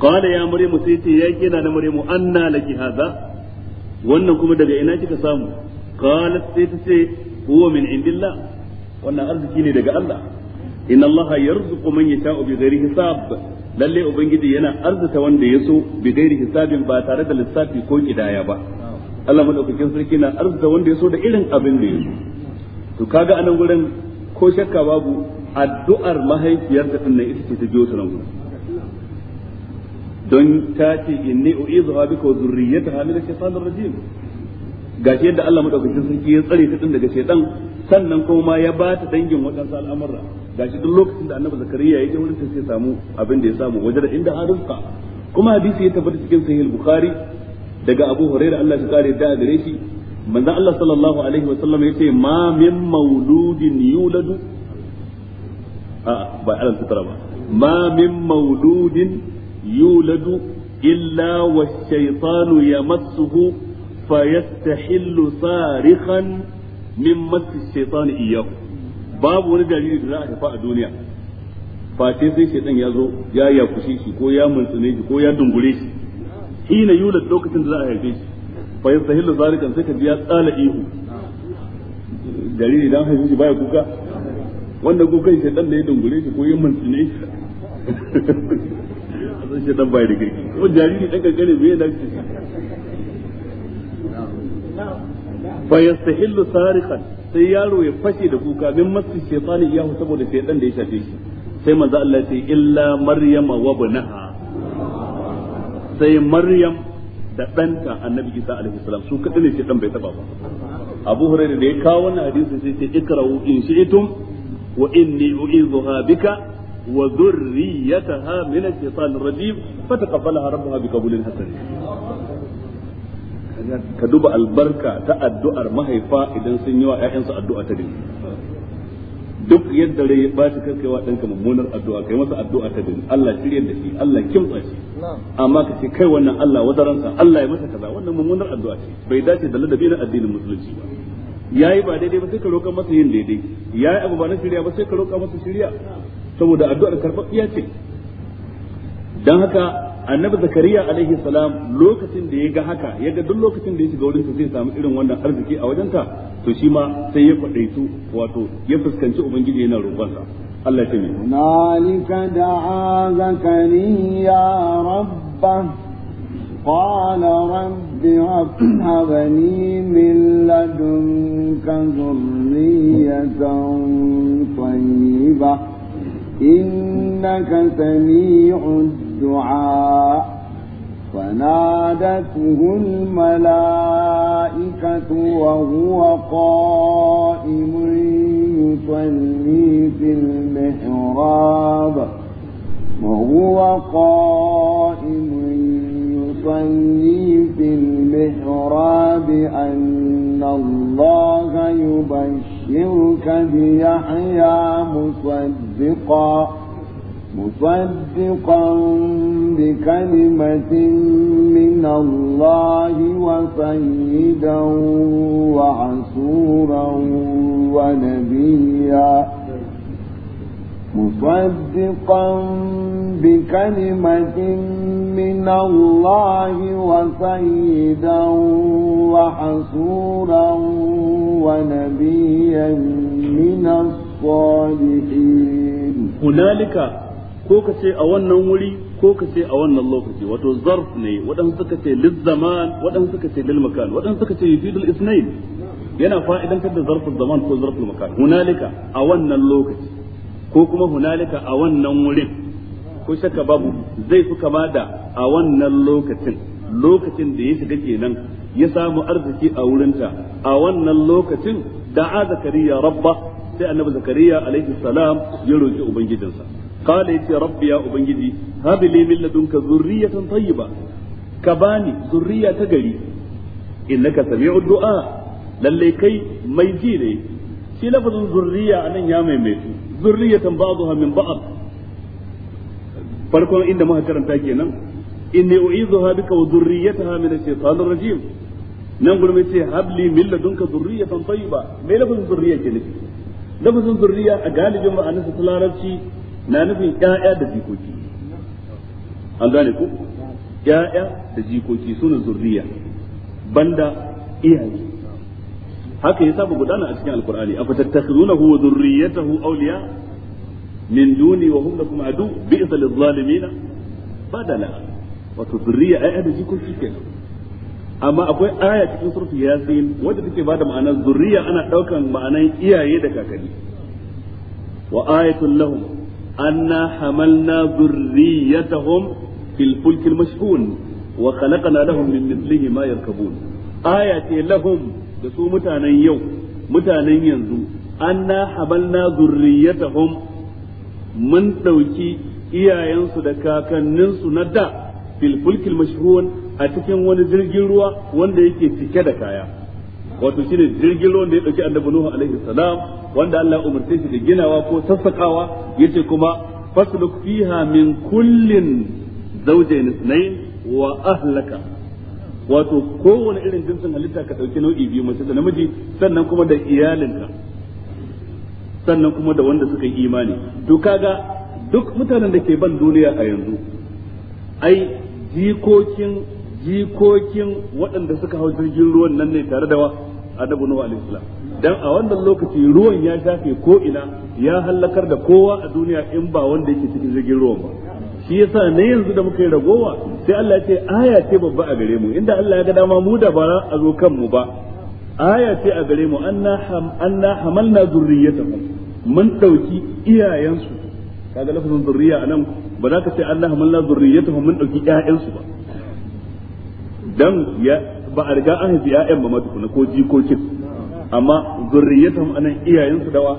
qala ya maryamu sai ce ya kina na maryamu anna laki hadha wannan kuma daga ina kika samu qalat sai ta ce huwa min indillah wannan arziki ne daga Allah inna Allah yarzuqu man yasha'u bi ghairi hisab lalle ubangiji yana arzuta wanda ya bi ghairi hisabin ba tare da lissafi ko kidaya ba Allah madaukakin sarki na arzuta wanda ya da irin abin da ya to kaga anan gurin ko shakka babu addu'ar mahaifiyar da nan ita ce ta biyo ta nan gurin don ta ce inni u'izu bika wa dhurriyyataha min ash-shaytanir rajim Ga shi yadda Allah madaukakin sarki ya tsare ta din daga shedan sannan kuma ma ya ba ta dangin waɗansu al'amura shi duk lokacin da annabi zakariya ya je wurin ta sai samu abin da ya samu wajen inda arzika kuma hadisi ya tabbata cikin sahih bukhari daga abu hurairah Allah ya kare da gare shi manzon Allah sallallahu alaihi wa sallam yace ma min mauludin yuladu a ba alam sutra ba ma min mauludin yuladu illa wa shaytanu yamassuhu فيستحل صارخا min مس الشيطان إياه babu wani jariri da za a haifa a duniya face sai يا ya zo ya yakushe shi ko ya muntsune shi ko ya dungure shi hina yulad lokacin da za a haife shi fa yastahillu zalikan sai ka tsala ihu jariri dan wanda shaitan da ya dungure shi ko ya muntsune shi sai shaitan baya da girki. ko jariri dan kankare bai da shi fa yastahillu sariqan sai yaro ya fashe da kuka min masu shaytani iyahu saboda shaytan da ya shafe shi sai manzo Allah sai illa maryama wa bunaha sai maryam da ɗanta annabi isa alaihi salam su kadai ne shaytan bai taba ba abu hurairah da ya kawo wannan hadisi sai ce ikra'u in shi'tum wa inni u'idhuha bika wa dhurriyyataha min ash-shaytanir rajim fataqabbalaha rabbuha biqabulin hasan ka duba albarka ta addu'ar mahaifa idan sun yi wa ƴaƴansu addu'a ta gani duk yadda rai ba bashi kai wa ɗanka mummunar addu'a kai masa addu'a ta gani Allah shirye da shi Allah kimtsa shi amma ka ce kai wannan Allah wadaransa Allah ya masa kaza wannan mummunar addu'a ce bai dace da ladabi na addinin musulunci ba yayi ba daidai ba sai ka roƙa masa yin daidai yayi abu ba na shirya ba sai ka roƙa masa shirya saboda addu'ar karɓaɓɓiya ce dan haka annabi zakariya alaihi salam lokacin da ya ga haka ya ga duk lokacin da ya shiga ta zai samu irin wannan arziki a wajenta to shi ma sai ya faɗaitu wato ya fuskanci ubangiji yana roƙonsa Allah ya tabbata nalika da'a zakariya rabbah قال رب هب لي من لدنك ذرية طيبة إنك سميع الدعاء الدعاء فنادته الملائكة وهو قائم يصلي في المحراب وهو قائم يصلي في المحراب أن الله يبشرك بيحيى مصدقاً مصدقا بكلمة من الله وسيدا وعسورا ونبيا مصدقا بكلمة من الله وسيدا وحسورا ونبيا من الصالحين هنالك ko ka ce a wannan wuri ko ka ce a wannan lokaci wato zarf ne waɗansu suka ce lizzaman waɗansu suka ce lilmakan waɗansu suka ce yufidul isnain yana fa'idantar da zarfin zaman ko zarfin makan hunalika a wannan lokaci ko kuma hunalika a wannan wurin ko shakka babu zai fi kama da a wannan lokacin lokacin da ya shiga kenan ya samu arziki a wurinta a wannan lokacin da a zakariya rabba sai annabi zakariya alaihi salam ya roki ubangijinsa qala yace rabbi ya ubangiji hab li min ladunka zurriyatan tayyiba ka bani zurriya ta gari innaka sami'ud du'a lalle kai mai ji ne shi lafazin zurriya anan ya maimaitu zurriyatan ba'daha min ba'd farkon inda muka karanta kenan inni u'izuha bika wa zurriyataha min ash-shaytanir rajim nan gurbe ce habli min ladunka zurriyatan tayyiba me lafazin zurriya ke zurriya a galibin ma'anarsa ta larabci na nufin ƴaƴa da jikoki an gane ku ƴaƴa da jikoki suna zurriya banda iyaye haka ya saba gudana a cikin alkur'ani afa tattakhidunahu wa hu awliya min duni wa hum lakum adu bi'sa lidh-dhalimin badala wato zurriya ƴaƴa da jikoki kenan amma akwai aya cikin surtu yasin wadda take bada ma'anar zurriya ana daukan ma'anar iyaye da kakanni wa ayatul lahum أنا حملنا ذريتهم في الفلك المشحون وخلقنا لهم من مثله ما يركبون آية لهم دسو متانا يوم متانا ينزو أنا حملنا ذريتهم من دوكي إيا ينصد كاكا na da filfulkil mashhun a cikin wani jirgin ruwa wanda yake wato shine jirgin ruwan da ya dauki annabi nuhu alaihi salam wanda Allah ya umarce shi da ginawa ko sassakawa yace kuma fasluk fiha min kullin zawjayn ithnayn wa ahlaka wato kowane irin jinsin halitta ka dauki nau'i biyu mace da namiji sannan kuma da iyalinka sannan kuma da wanda suka yi imani to kaga duk mutanen da ke ban duniya a yanzu ai jikokin jikokin waɗanda suka hau jirgin ruwan nan ne tare da wa annabi nuhu alaihi salam dan a wannan lokaci ruwan ya shafe ko ina ya halakar da kowa a duniya in ba wanda yake cikin jirgin ruwan ba shi yasa ne yanzu da muka yi ragowa sai Allah ya ce aya ce babba a gare mu inda Allah ya ga dama mu da bara a zo mu ba aya ce a gare mu anna ham anna hamalna zurriyatahu mun dauki iyayensu kaga lafazin zurriya anan ba za ka ce anna hamalna zurriyatahu mun dauki iyayensu ba dan ya ba a riga an haifi ƴaƴan ba ma tukuna ko jikokin amma zurriyatuhum anan iyayensu dawa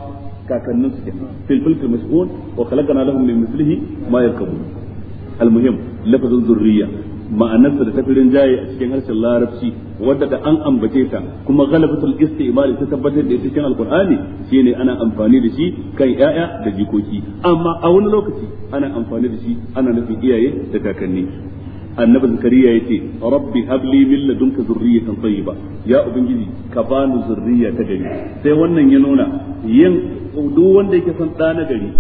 kakannin su kenan fil fulk mas'ul wa khalaqna lahum min mislihi ma yarkabun almuhim lafazun zurriya ma'anarsa da tafirin jaye a cikin harshen larabci wadda da an ambace ta kuma galabatul istimali ta tabbatar da ita cikin alqur'ani shine ana amfani da shi kan yaya da jikoki amma a wani lokaci ana amfani da shi ana nufin iyaye da kakanni annabi zakariya yace rabbi habli min ladunka zurriyatan tayyiba ya ubangiji ka bani zurriya ta gari sai wannan ya nuna yin duk wanda yake son da na gari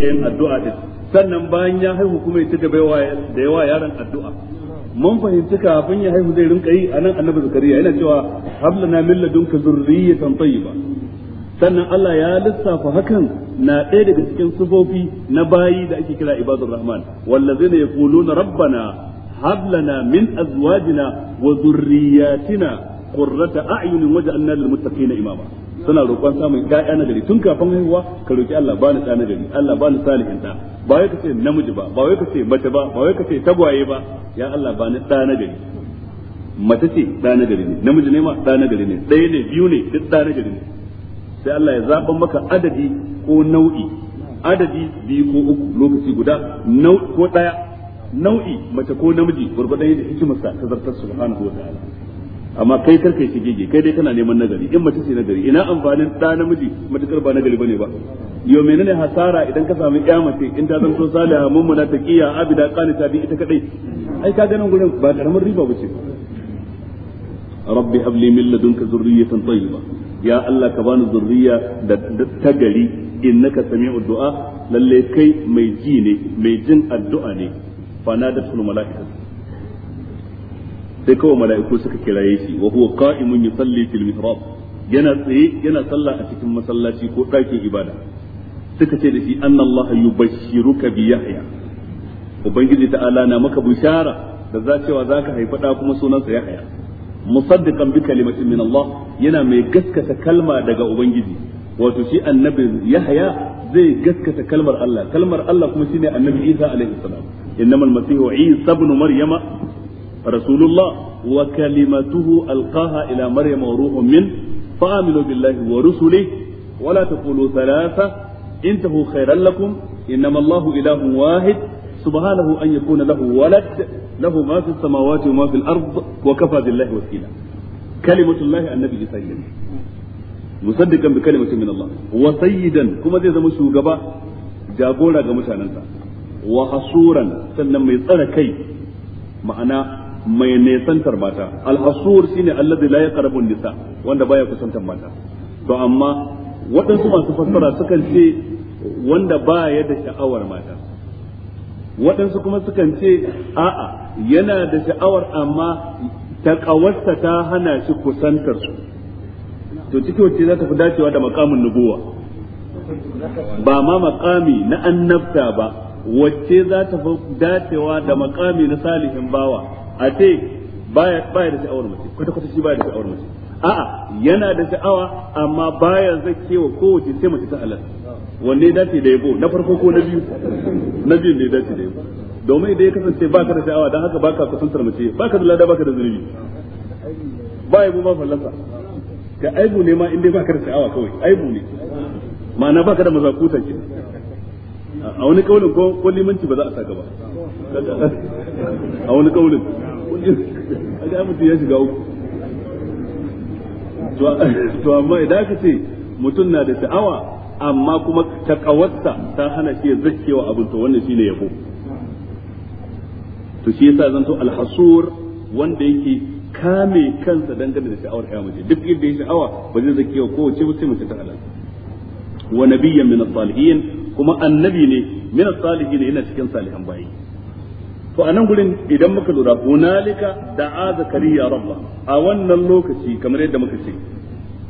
yin addu'a din sannan bayan ya haihu kuma ya ci gaba da yawa yaran addu'a mun fahimci kafin ya haihu zai rinka yi anan annabi zakariya yana cewa hablana min ladunka zurriyatan tayyiba sannan Allah ya lissafa hakan na ɗaya daga cikin sufofi na bayi da ake kira ibadur rahman ya yaquluna rabbana hab lana min azwajina wa dhurriyyatina qurrata a'yunin waj'alna lil na imama suna roƙon samun ƴaƴa na gari tun kafin haihuwa ka roki Allah bani ɗa na gari Allah bani salihin ɗa ba wai kace namiji ba ba wai kace mace ba ba wai kace tagwaye ba ya Allah bani ɗa na gari mace ce ɗa na gari ne namiji ne ma ɗa na gari ne ɗaya ne biyu ne duk ɗa na gari ne sai Allah ya zaban maka adadi ko nau'i adadi biyu ko uku lokaci guda nau'i ko daya nau'i mace ko namiji gurgurdan yadda hikimarsa ta zartar subhanahu wa ta'ala amma kai karka yi gege kai dai kana neman nagari in mace ce nagari ina amfanin da namiji matukar ba nagari bane ba yo menene hasara idan ka samu ya mace in ta zanto saliha mummuna taqiya abida qanita bi ita kadai ai ka ganin gurin ba karamar riba ce. rabbi habli min ladunka zurriyatan tayyiba ya Allah ka bani zurriya da ta gari innaka sami'ud du'a lalle kai mai ji ne mai jin addu'a ne fa nadatul malaika sai kawai mala'iku suka kiraye shi wa huwa qa'imun yusalli fil mihrab yana tsaye yana sallah a cikin masallaci ko ɗakin ibada suka ce da shi anna Allah yubashshiruka bi yahya ubangiji ta'ala na maka bishara da za cewa zaka haifa da kuma sunansa yahya مصدقا بكلمة من الله ينا مي جسكت كلمة دقا أبنجدي وتشيء النبي يحيى زي جسكت كلمة الله كلمة الله كما النبي عيسى عليه السلام إنما المسيح عيسى بن مريم رسول الله وكلمته ألقاها إلى مريم وروح من فآمنوا بالله ورسله ولا تقولوا ثلاثة انتهوا خيرا لكم إنما الله إله واحد subhanahu an yakuna lahu walad lahu kuma zai zama shugaba jagora ga mutanansa wa hasuran mai tsara kai ma'ana mai nesantar mata alhasur shine allazi la nisa wanda mata to amma waɗansu masu fassara sukan ce wanda baya da sha'awar mata waɗansu kuma sukan ce a'a yana da sha'awar amma taƙawarsa ta hana shi kusantar su to ciki wacce za ta fi dacewa da makamin nubuwa ba ma makami na annabta ba wacce za ta fi dacewa da makami na salihin bawa a ce baya da sha'awar mace kwata kwata shi baya da sha'awar mace a'a yana da sha'awa amma baya zai kewa kowace sai mace ta halatta wanne dace da yabo na farko ko na biyu na biyu ne dace da yabo domin idan ya kasance baka da sha'awa dan haka baka kusantar mace baka da lada baka da zunubi ba yabo ba fallasa ka aibu ne ma inda baka da sha'awa kawai aibu ne ma'ana baka da mazakuta ke a wani kaulin ko ko limanci ba za a saka ba a wani kaulin kaga mutu ya shiga uku to amma idan ka ce mutum na da sha'awa amma kuma ta takawarsa ta hana shi zakkewa abin to wannan shine yabo to shi yasa zanto al-hasur wanda yake kame kansa dangane da sha'awar ya mace duk inda ya sha'awa ba zai zakkewa kowace mutum mace ta halal wa nabiyyan min salihin kuma annabi ne min as-salihin yana cikin salihan bayi to a nan gurin idan muka lura hunalika da'a zakariya rabba a wannan lokaci kamar yadda muka ce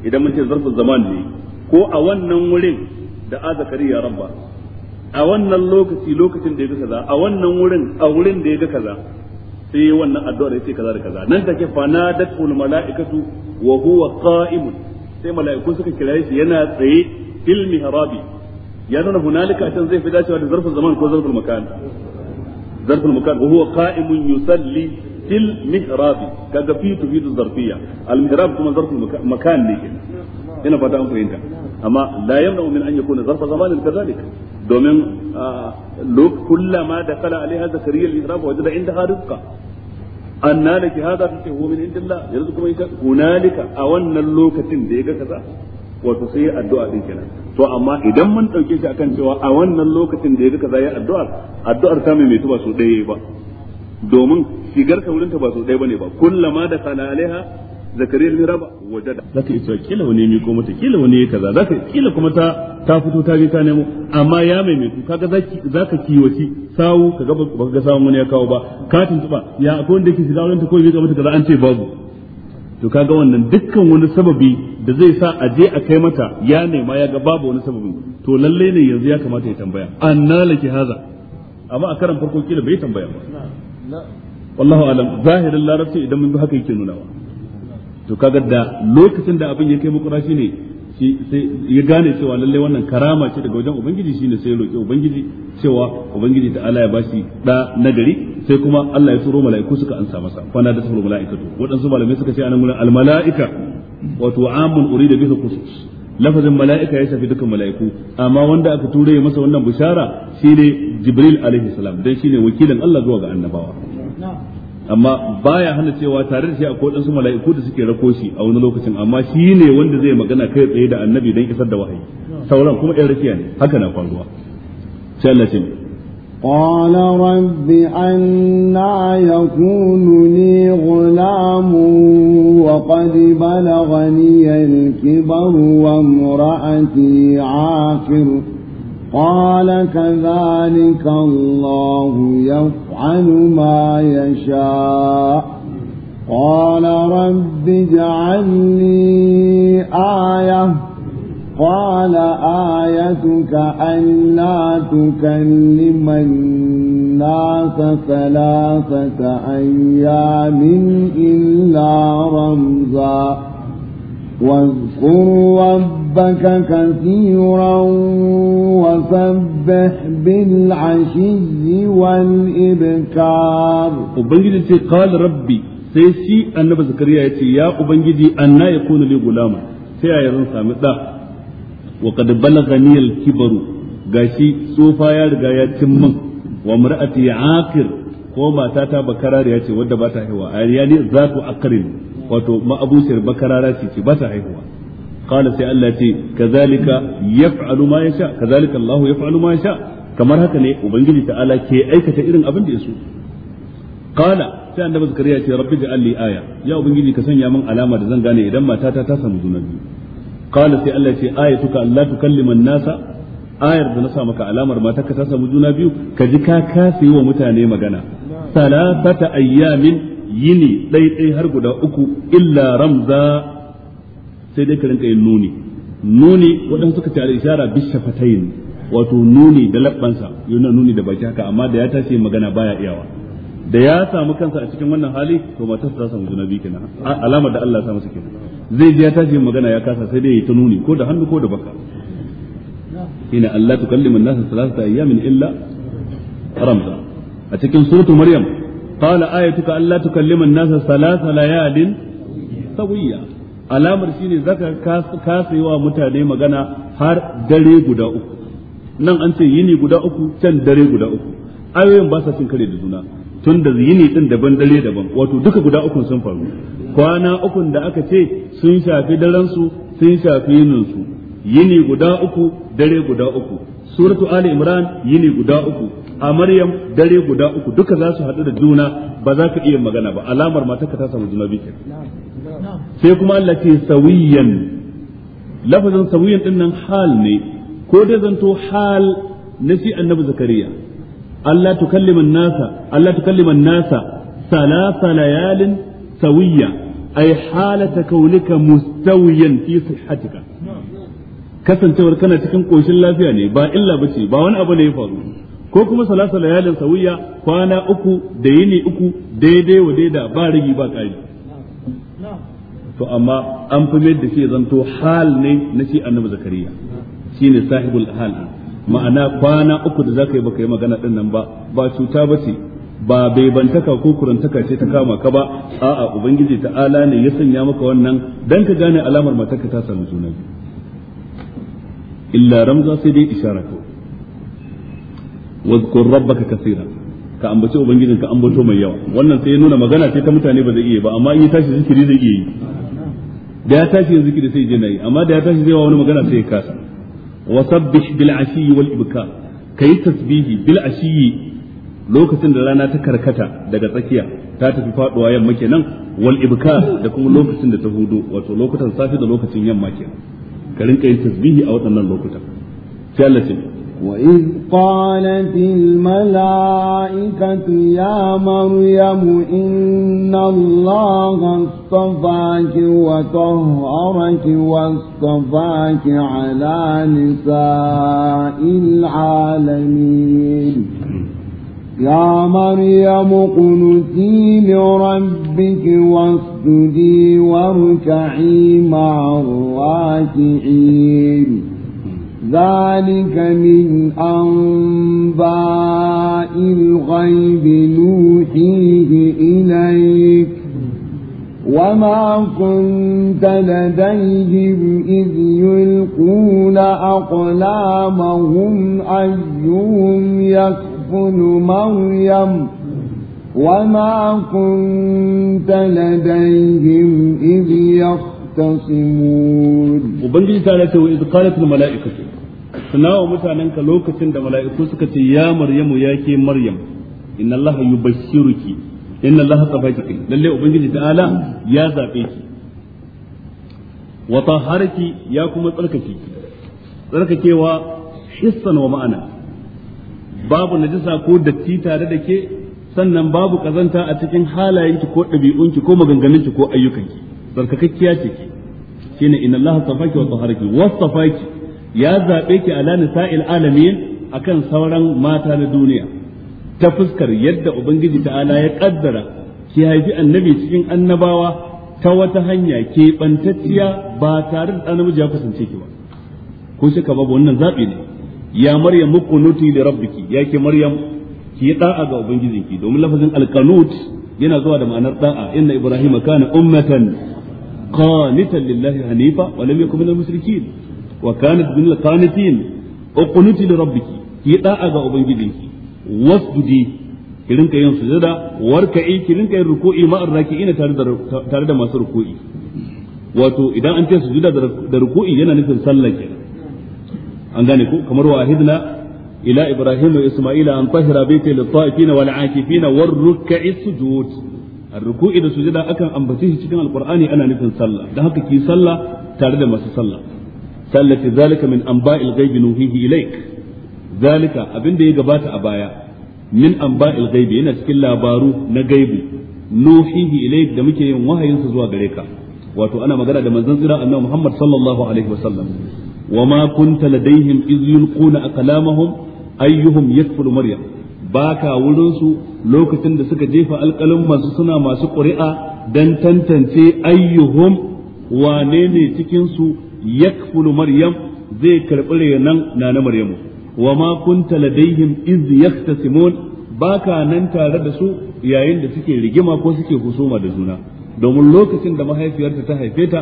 idan mun ce zarfin zaman ne ko a wannan wurin da azakari ya rabba a wannan lokaci lokacin da ya ga kaza a wannan wurin a wurin da ya ga kaza sai wannan addu'ar ya ce kaza da kaza nan take fanadatul mala'ikatu wa huwa qa'imun sai mala'iku suka kira shi yana tsaye fil mihrabi ya nuna hunalika can zai fi dacewa da zarfin zaman ko zarfin makan zarfin makan wa huwa qa'imun yusalli fil mihrabi kaga fi tufidu zarfiya al mihrab kuma zarfin makan ne kenan ina fata an fahimta amma la yamna min an yakuna zarfa zamanin kazalik domin kullama dakala alaiha zakariya al-ihram wajada indaha rizqa anna laki hadha huwa min indillah yanzu kuma hunalika a wannan lokacin da kaza wato sai addu'a din kenan to amma idan mun dauke shi akan cewa a wannan lokacin da ya kaza ya addu'a addu'ar ta mai daya ba domin shigar wurin ta ba daya bane ba kullama alaiha zakariya ne raba wajada zaka yi cewa kila wani ko mata kila wani kaza zaka kila kuma ta ta fito ta je ta nemo amma ya mai mai kaga zaki zaka kiwaci sawu kaga baka ga sawun wani ya kawo ba ka tuntuba ya akwai wanda yake shiga wurin ta ko bai ga mata kaza an ce babu to kaga wannan dukkan wani sababi da zai sa a je a kai mata ya nema ya ga babu wani sababi to lalle ne yanzu ya kamata ya tambaya anna laki haza amma a karan farko kila bai tambaya ba wallahu alam zahirin larabci idan mun bi haka yake nunawa to kaga da lokacin da abin ya kai makura shine sai ya gane cewa lalle wannan karama ce daga wajen ubangiji shine sai ya roki ubangiji cewa ubangiji ta Allah ya bashi da nagari sai kuma Allah ya turo mala'iku suka ansa masa fana da turo mala'ikatu waɗansu malamai suka ce anan gurin al mala'ika wato amun urida bihi khusus lafazin mala'ika ya shafi dukan mala'iku amma wanda aka ture masa wannan bishara shine jibril alaihi salam dan shine wakilin Allah zuwa ga annabawa amma baya hana cewa tare da shi akwai wadansu mala'iku da suke rako shi a wani lokacin amma shi ne wanda zai magana kai tsaye da annabi dan isar da wahayi sauran kuma ɗan rakiya ne haka na faruwa sai Allah ce قال رب أنا يكون لي غلام وقد بلغني الكبر وامرأتي عاقر قال كذلك الله يفعل ما يشاء قال رب اجعل لي آية قال آيتك ألا تكلم الناس ثلاثة أيام إلا رمزاً واذكر ربك كثيرا وسبح بالعشي والإبكار وبنجد قال ربي سيشي النبي زكريا يتي يا أبنجدي أنا يكون لي غلام سيأي رنسى مثلا وقد بلغني الكبر gashi سوفا ya riga تمم ومرأتي عاقر وما تاتا بكرار ko matata bakarariya ce wadda ba ta wato ma'abuciyar bakarara ce ba ta haihuwa qala sai Allah ce kazalika yaf'alu ma yasha kazalika Allah yaf'alu ma yasha kamar haka ne ubangiji ta'ala ke aikata irin abin da yaso qala sai annabi zakariya ce rabbi ja'al li aya ya ubangiji ka sanya min alama da zan gane idan matata ta samu juna biyu qala sai Allah ce ayatuka Allah tukallima nasa ayar da na sa maka alamar matarka ta samu juna biyu ka ji ka kasa yi wa mutane magana salasata ayyamin yini ɗaiɗai har guda uku illa ramza sai dai ka rinka yin nuni nuni waɗanda suka ce al-ishara bishafatayn wato nuni da labbansa yana nuni da baki haka amma da ya tashi magana baya iyawa da ya samu kansa a cikin wannan hali to matar ta samu juna biyu kenan alamar da Allah ya sa masa kenan zai ji ya tashi magana ya kasa sai dai ya ta nuni ko da hannu ko da baka ina Allah tukallimu an-nasa thalathata ayyamin illa ramza a cikin suratu maryam qala ayatuka alla tukallima an-nasa salasa layalin sawiya alamar shine zaka kasa wa mutane magana har dare guda uku nan an ce yini guda uku can dare guda uku ayoyin ba sa cin kare da juna tun da yini din daban dare daban wato duka guda ukun sun faru kwana ukun da aka ce sun shafi daren su sun shafi yinin yini guda uku dare guda uku suratu ali imran yini guda uku a maryam dare guda uku duka za su haɗu da juna ba za ka iya magana ba alamar matarka ta samu juna biyu sai kuma Allah ce sawiyan lafazin sawiyan din nan hal ne ko dai zanto hal na shi annabi zakariya Allah tukallima nasa Allah tukallima nasa salasa layalin sawiya ay halata kaunika mustawiyan fi sihhatika kasancewar kana cikin koshin lafiya ne ba illa bace ba wani abu ne ya faru ko kuma salasa layalin sawiya kwana uku da yini uku daidai wa daida ba rigi ba kari to amma an fi mai da shi zanto hal ne na shi annabi zakariya shine sahibul hal ma'ana kwana uku da zaka yi baka yi magana din nan ba ba cuta ba ce ba bai bantaka ko kurantaka ce ta kama ka ba a'a ubangiji ta'ala ne ya sanya maka wannan dan ka gane alamar matarka ta samu juna illa ramza sai dai ishara ko wadhkur rabbaka kaseera ka ambaci ubangijin ka ambato mai yawa wannan sai ya nuna magana ce ta mutane ba zai iya ba amma in ya tashi zikiri zai iya yi da ya tashi zikiri sai wa wani magana sai ya kasa wasabbih bil ashiyi wal ibka tasbihi bil lokacin da rana ta karkata daga tsakiya ta tafi faduwa yamma kenan nan ibka da kuma lokacin da ta hudu wato lokutan safi da lokacin yamma kenan ka rinka yin tasbihi a waɗannan lokuta sai Allah ce وإذ قالت الملائكة يا مريم إن الله اصطفاك وطهرك واصطفاك على نساء العالمين يا مريم اقنتي لربك واسجدي واركعي مع الراكعين ذلك من أنباء الغيب نوحيه إليك وما كنت لديهم إذ يلقون أقلامهم أيهم يكفر ابن مريم وما كنت لديهم إذ يختصمون وبنجي تعالى وإذ قالت الملائكة سناو متعننك لوكة عند ملائكة سكت يا مريم يا كي مريم إن الله يبشرك إن الله صفاتك للي وبنجي تعالى يا زابيك وطهرك يا كم تركك تركك حصا ومعنى babu najisa ko datti tare da ke sannan babu kazanta a cikin halayenki ko ɗabi'unki ko maganganunki ko ayyukanki tsarkakakkiya ce ke shine inna allaha safaki wa wa wasafaki ya zabe ki ala nisa'il alamin akan sauran mata na duniya ta fuskar yadda ubangiji ta'ala ya kaddara ki haifi annabi cikin annabawa ta wata hanya ke bantacciya ba tare da namiji ya kusance ki ba ko shi ka babu wannan zabi ne ya maryam muqnuti li rabbiki ya ke maryam ki yi da'a ga ubangijinki domin lafazin alqanut yana zuwa da ma'anar da'a inna ibrahima kana ummatan qanitan lillahi hanifa wa lam yakun minal musrikin wa kanat min alqanitin uqnuti li rabbiki ki yi da'a ga ubangijinki wasjudi ki rinka yin sujada warka'i ki rinka yin ruku'i ma'ar raki'ina tare da tare da masu ruku'i wato idan an ce sujuda da ruku'i yana nufin sallah kenan an gane ku kamar wa ahidna ila ibrahim wa isma'ila an tahira baiti lit ta'ifina wal 'akifina war ruk'i sujud ar-ruku'i da sujada akan ambace shi cikin alqur'ani ana nufin sallah dan haka ki sallah tare da masu sallah sallati zalika min anba'il ghaibi nuhihi ilaik zalika abinda ya gabata a baya min anba'il ghaibi yana cikin labaru na gaibu nuhihi ilaik da muke yin wahayin zuwa gare ka wato ana magana da manzon tsira annabi Muhammad sallallahu alaihi wasallam وما كنت لديهم إذ يلقون أقلامهم أيهم يكفل مريم baka wurinsu lokacin da suka jefa alƙalin masu suna masu ƙuri'a don tantance ayyuhum wanene ne cikinsu yakfulu maryam zai karɓi renon na na maryamu wa ma kunta ladaihim iz yaktasimun baka nan tare da su yayin da suke rigima ko suke husuma da juna domin lokacin da mahaifiyarta ta haife ta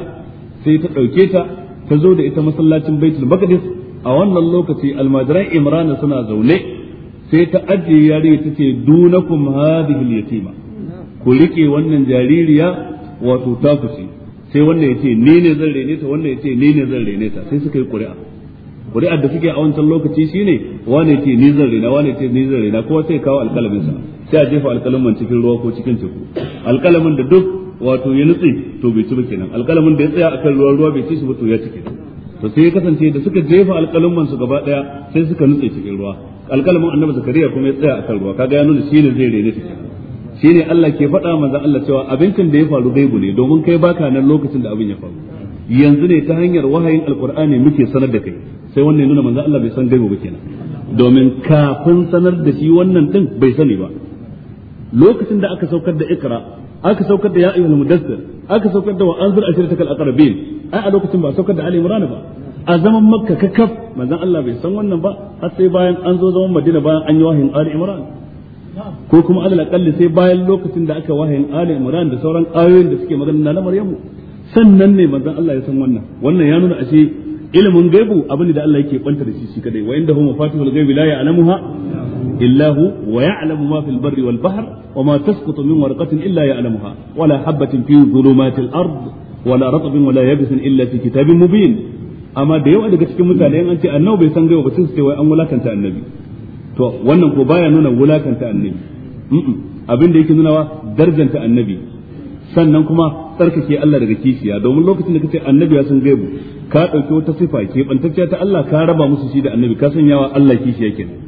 sai ta ɗauke ta ta zo da ita masallacin baitul maqdis a wannan lokaci almajiran imran suna zaune sai ta ajiye yarinya ta ce dunakum hadhihi yatima ku rike wannan jaririya wato ta kusi sai wannan ya ce ni ne zan rene ta wannan ya ce ni ne zan rene ta sai suka yi ƙuri'a ƙuri'ar da suke a wancan lokaci shine wane ya ce ni zan rena wane ya ce ni zan rena kowa sai kawo alƙalamin sa sai a jefa alƙalamin cikin ruwa ko cikin teku alƙalamin da duk wato ya nutse to bai ci ba kenan alƙalamin da ya tsaya akan ruwan ruwa bai ci shi ba to ya ci kenan to sai ya kasance da suka jefa alƙalamin su gaba daya sai suka nutse cikin ruwa alƙalamin annabi zakariya kuma ya tsaya akan ruwa kaga ya nuna shi ne zai rene ta Shi ne Allah ke faɗa manzon Allah cewa abincin da ya faru gaibu ne domin kai baka nan lokacin da abin ya faru yanzu ne ta hanyar wahayin alkur'ani muke sanar da kai sai wannan nuna manzo Allah bai san gaibu ba kenan domin kafin sanar da shi wannan din bai sani ba lokacin da aka saukar da ikra aka saukar da ya ayyuhal mudassir aka saukar da wa anzir ashiratakal aqrabin ai a lokacin ba saukar da ali imran ba a zaman makka kakaf manzon Allah bai san wannan ba har sai bayan an zo zaman madina bayan an yi wahayin ali imran ko kuma alal sai bayan lokacin da aka wahayin ali imran da sauran ayoyin da suke magana na maryamu sannan ne manzon Allah ya san wannan wannan ya nuna ashe ilimin gaibu abin da Allah yake kwanta da shi shi kadai wa inda hu mafatihul ghaibi la ya'lamuha إلا هو ويعلم ما في البر والبحر وما تسقط من ورقة إلا يعلمها ولا حبة في ظلمات الأرض ولا رطب ولا يبس إلا في كتاب مبين amma da yawa daga cikin mutane an ce annabi bai san gaiwa ba sun ce an wulakanta annabi to wannan ko baya nuna wulakanta annabi abin da yake nunawa darjanta annabi sannan kuma tsarkake Allah daga kishiya domin lokacin da kace annabi ya san gaibu ka ɗauki wata sifa ke bantacciya ta Allah ka raba musu shi da annabi ka sanyawa Allah kishiya kenan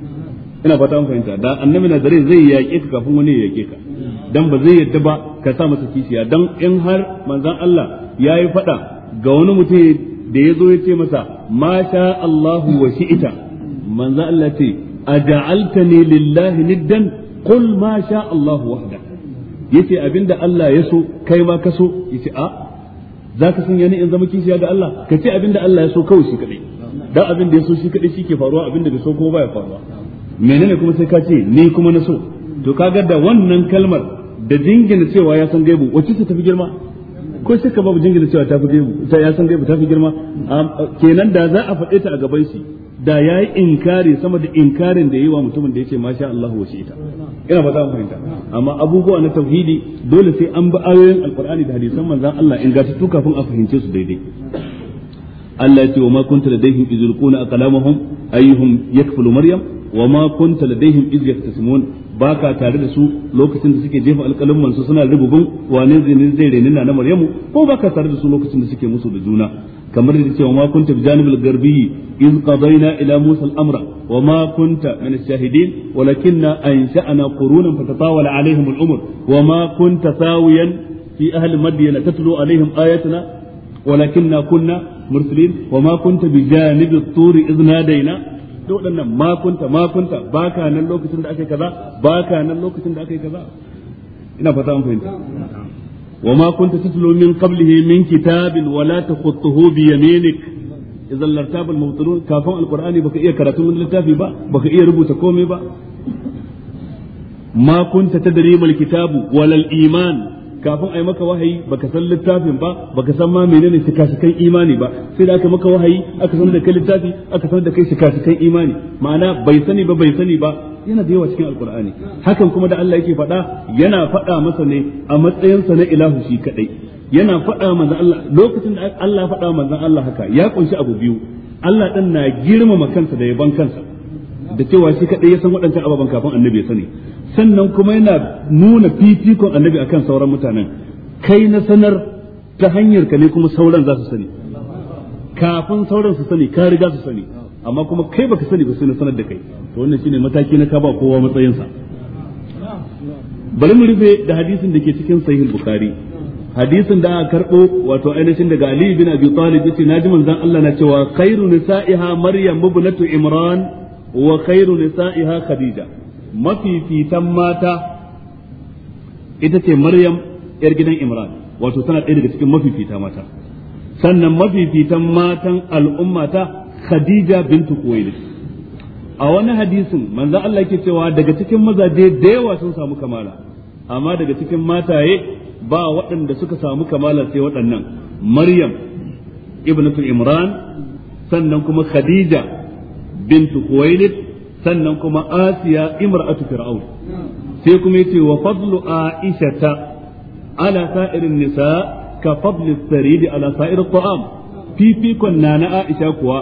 ina fata an fahimta da annabi na zare zai yaƙe ka kafin wani ya yaƙe ka dan ba zai yadda ba ka sa masa kishiya dan in har manzon Allah yayi fada ga wani mutum da ya zo ya ce masa ma sha Allahu wa shi'ita manzon Allah ce aja'altani lillahi niddan qul ma sha Allahu wahda yace abinda Allah ya so kai ma ka so yace a za ka sanya ni in zama kishiya ga Allah ka ce abinda Allah ya so kawai shi kadai dan abinda ya so shi kadai shi ke faruwa abinda da bai so kuma ba ya faruwa menene kuma sai ka ce ni kuma na so to kaga da wannan kalmar da jingina cewa ya san gaibu wacce ta tafi girma ko ka babu jingina cewa ta fi gaibu ta ya san gaibu ta fi girma kenan da za a faɗe ta a gaban shi da ya yi inkari sama da inkarin da ya yi wa mutumin da ya ce masha Allah wa shi ita ina ba za mu fahimta amma abubuwa na tauhidi dole sai an bi ayoyin alqur'ani da hadisan manzon Allah in ga tu kafin a fahimce su daidai Allah ya ce wa ma kunta ladaihim iz yulquna aqlamahum ayyuhum yakfulu maryam wa ma kunta ladaihim iz yaktasimun baka tare da su lokacin da suke jefa alƙalumman su suna rububin wane zai zai reni na Maryamu ko baka tare da su lokacin da suke musu da juna kamar da cewa ma kunta bijanibil garbi iz qadayna ila Musa al-amra wa ma kunta min ash-shahidin walakinna ansha'na qurunan fatatawala alaihim al-umr wa ma kunta sawiyan fi ahli madyana tatlu alaihim ayatuna walakinna kunna mursalin wa ma kunta bijanib at-tur iz nadayna da waɗannan makunta makunta ba ka nan lokacin da aka yi kaza ba ka nan lokacin da aka yi kaza ina fata an fahimta wa ma kunta tatlu min qablihi min kitabin wa la takhutuhu bi yaminik idan lartaba al-mubtilun kafin alqur'ani baka iya karatu min littafi ba baka iya rubuta komai ba ma kunta tadri mal kitabu wal iman kafin a yi maka wahayi baka san littafin ba baka san ma menene shikashikan imani ba sai da aka maka wahayi aka san da kai littafi aka san da kai shikashikan imani ma'ana bai sani ba bai sani ba yana da yawa cikin alkur'ani hakan kuma da Allah yake faɗa yana faɗa masa ne a matsayinsa na ilahu shi kadai yana faɗa manzon Allah lokacin da Allah faɗa manzon Allah haka ya kunshi abu biyu Allah dan na girmama kansa da yaban kansa da cewa shi kadai ya san waɗancan ababen kafin annabi ya sani sannan kuma yana nuna fifikon annabi akan sauran mutanen kai na sanar ta hanyar ka ne kuma sauran za su sani kafin sauran su sani ka riga su sani amma kuma kai baka sani ba sai na sanar da kai to wannan shine mataki na ka ba kowa matsayinsa bari mu rufe da hadisin da ke cikin sahih bukhari hadisin da aka karbo wato ainihin daga Ali bin Abi Talib yace naji manzon Allah na cewa khairu nisa'iha Maryam ibnatu Imran wa khairu nisa'iha khadija mafifitan mata ita ce maryam yar gidan imran wato tana ɗaya daga cikin mafifita mata sannan mafifitan matan al'ummata khadija bintu kuwait a wani hadisin manzo Allah yake cewa daga cikin mazaje da yawa sun samu kamala amma daga cikin mataye ba waɗanda suka samu kamala sai waɗannan maryam ibnatu imran sannan kuma khadija bintu Khuwailid sannan kuma Asiya imra'atu Fir'aun sai kuma yace wa fadlu Aisha ta ala sa'irin nisa ka fadli sarid ala sa'ir ta'am fifikon na na Aisha kuwa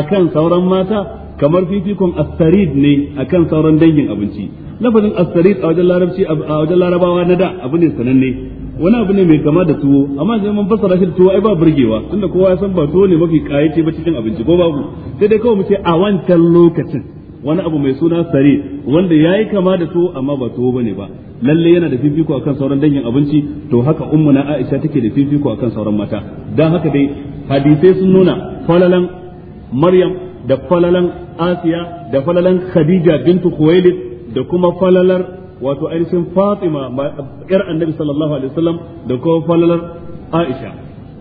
akan sauran mata kamar fifikon as ne akan sauran dangin abinci lafazin as-sarid a wajen wajen larabawa na da abu ne sananne wani abu ne mai kama da tuwo amma sai mun fassara shi tuwo ai ba burgewa tunda kowa ya san ba tuwo ne mafi kayace ba cikin abinci ko babu sai dai kawai mu ce a wancan lokacin wani abu mai suna sare wanda yayi kama da tuwo amma ba tuwo bane ba lalle yana da fifiko akan sauran dangin abinci to haka na Aisha take da fifiko akan sauran mata dan haka dai hadisai sun nuna falalan Maryam da falalan Asiya da falalan Khadija bintu Khuwailid da kuma falalar wato ainihin Fatima yar Annabi sallallahu alaihi wasallam da kuma falalar Aisha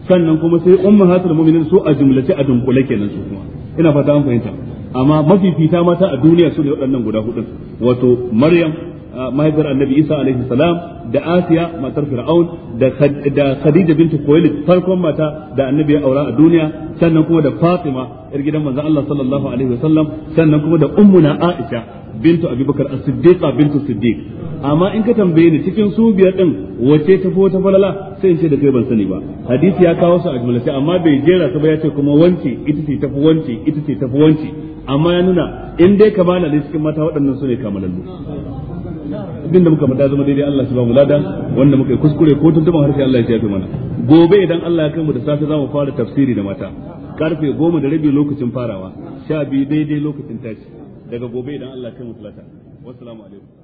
sannan kuma sai ummahatul mu'minin su a jumlace a dunkule kenan su kuma ina fata an fahimta amma fita mata a duniya su ne waɗannan guda hudu wato Maryam ah, mahaifiyar Annabi Isa alaihi salam da Asiya matar Fir'aun da Khadija bintu Khuwailid farkon mata da Annabi ya aura a duniya sannan kuma da Fatima yar gidan manzon Allah sallallahu alaihi wasallam sannan kuma da ummuna Aisha bintu Abi Bakar As-Siddiqa bintu Siddiq amma in ka tambaye ni cikin su biyar din wace ta fo ta falala sai in ce da kai ban sani ba hadisi ya kawo su a jumlace amma bai jera su ba ya ce kuma wance ita ce tafi wance ita ce tafi wance amma ya nuna in dai kamala ne cikin mata waɗannan su ne kamalallu da muka fada zama daidai Allah shi ba mu lada wanda muka yi kuskure ko tuntuban harshe Allah ya tafi mana gobe idan Allah ya kai mu da safe za mu fara tafsiri da mata karfe goma da rabi lokacin farawa sha biyu daidai lokacin tashi daga gobe idan Allah kai mu talata wassalamu alaikum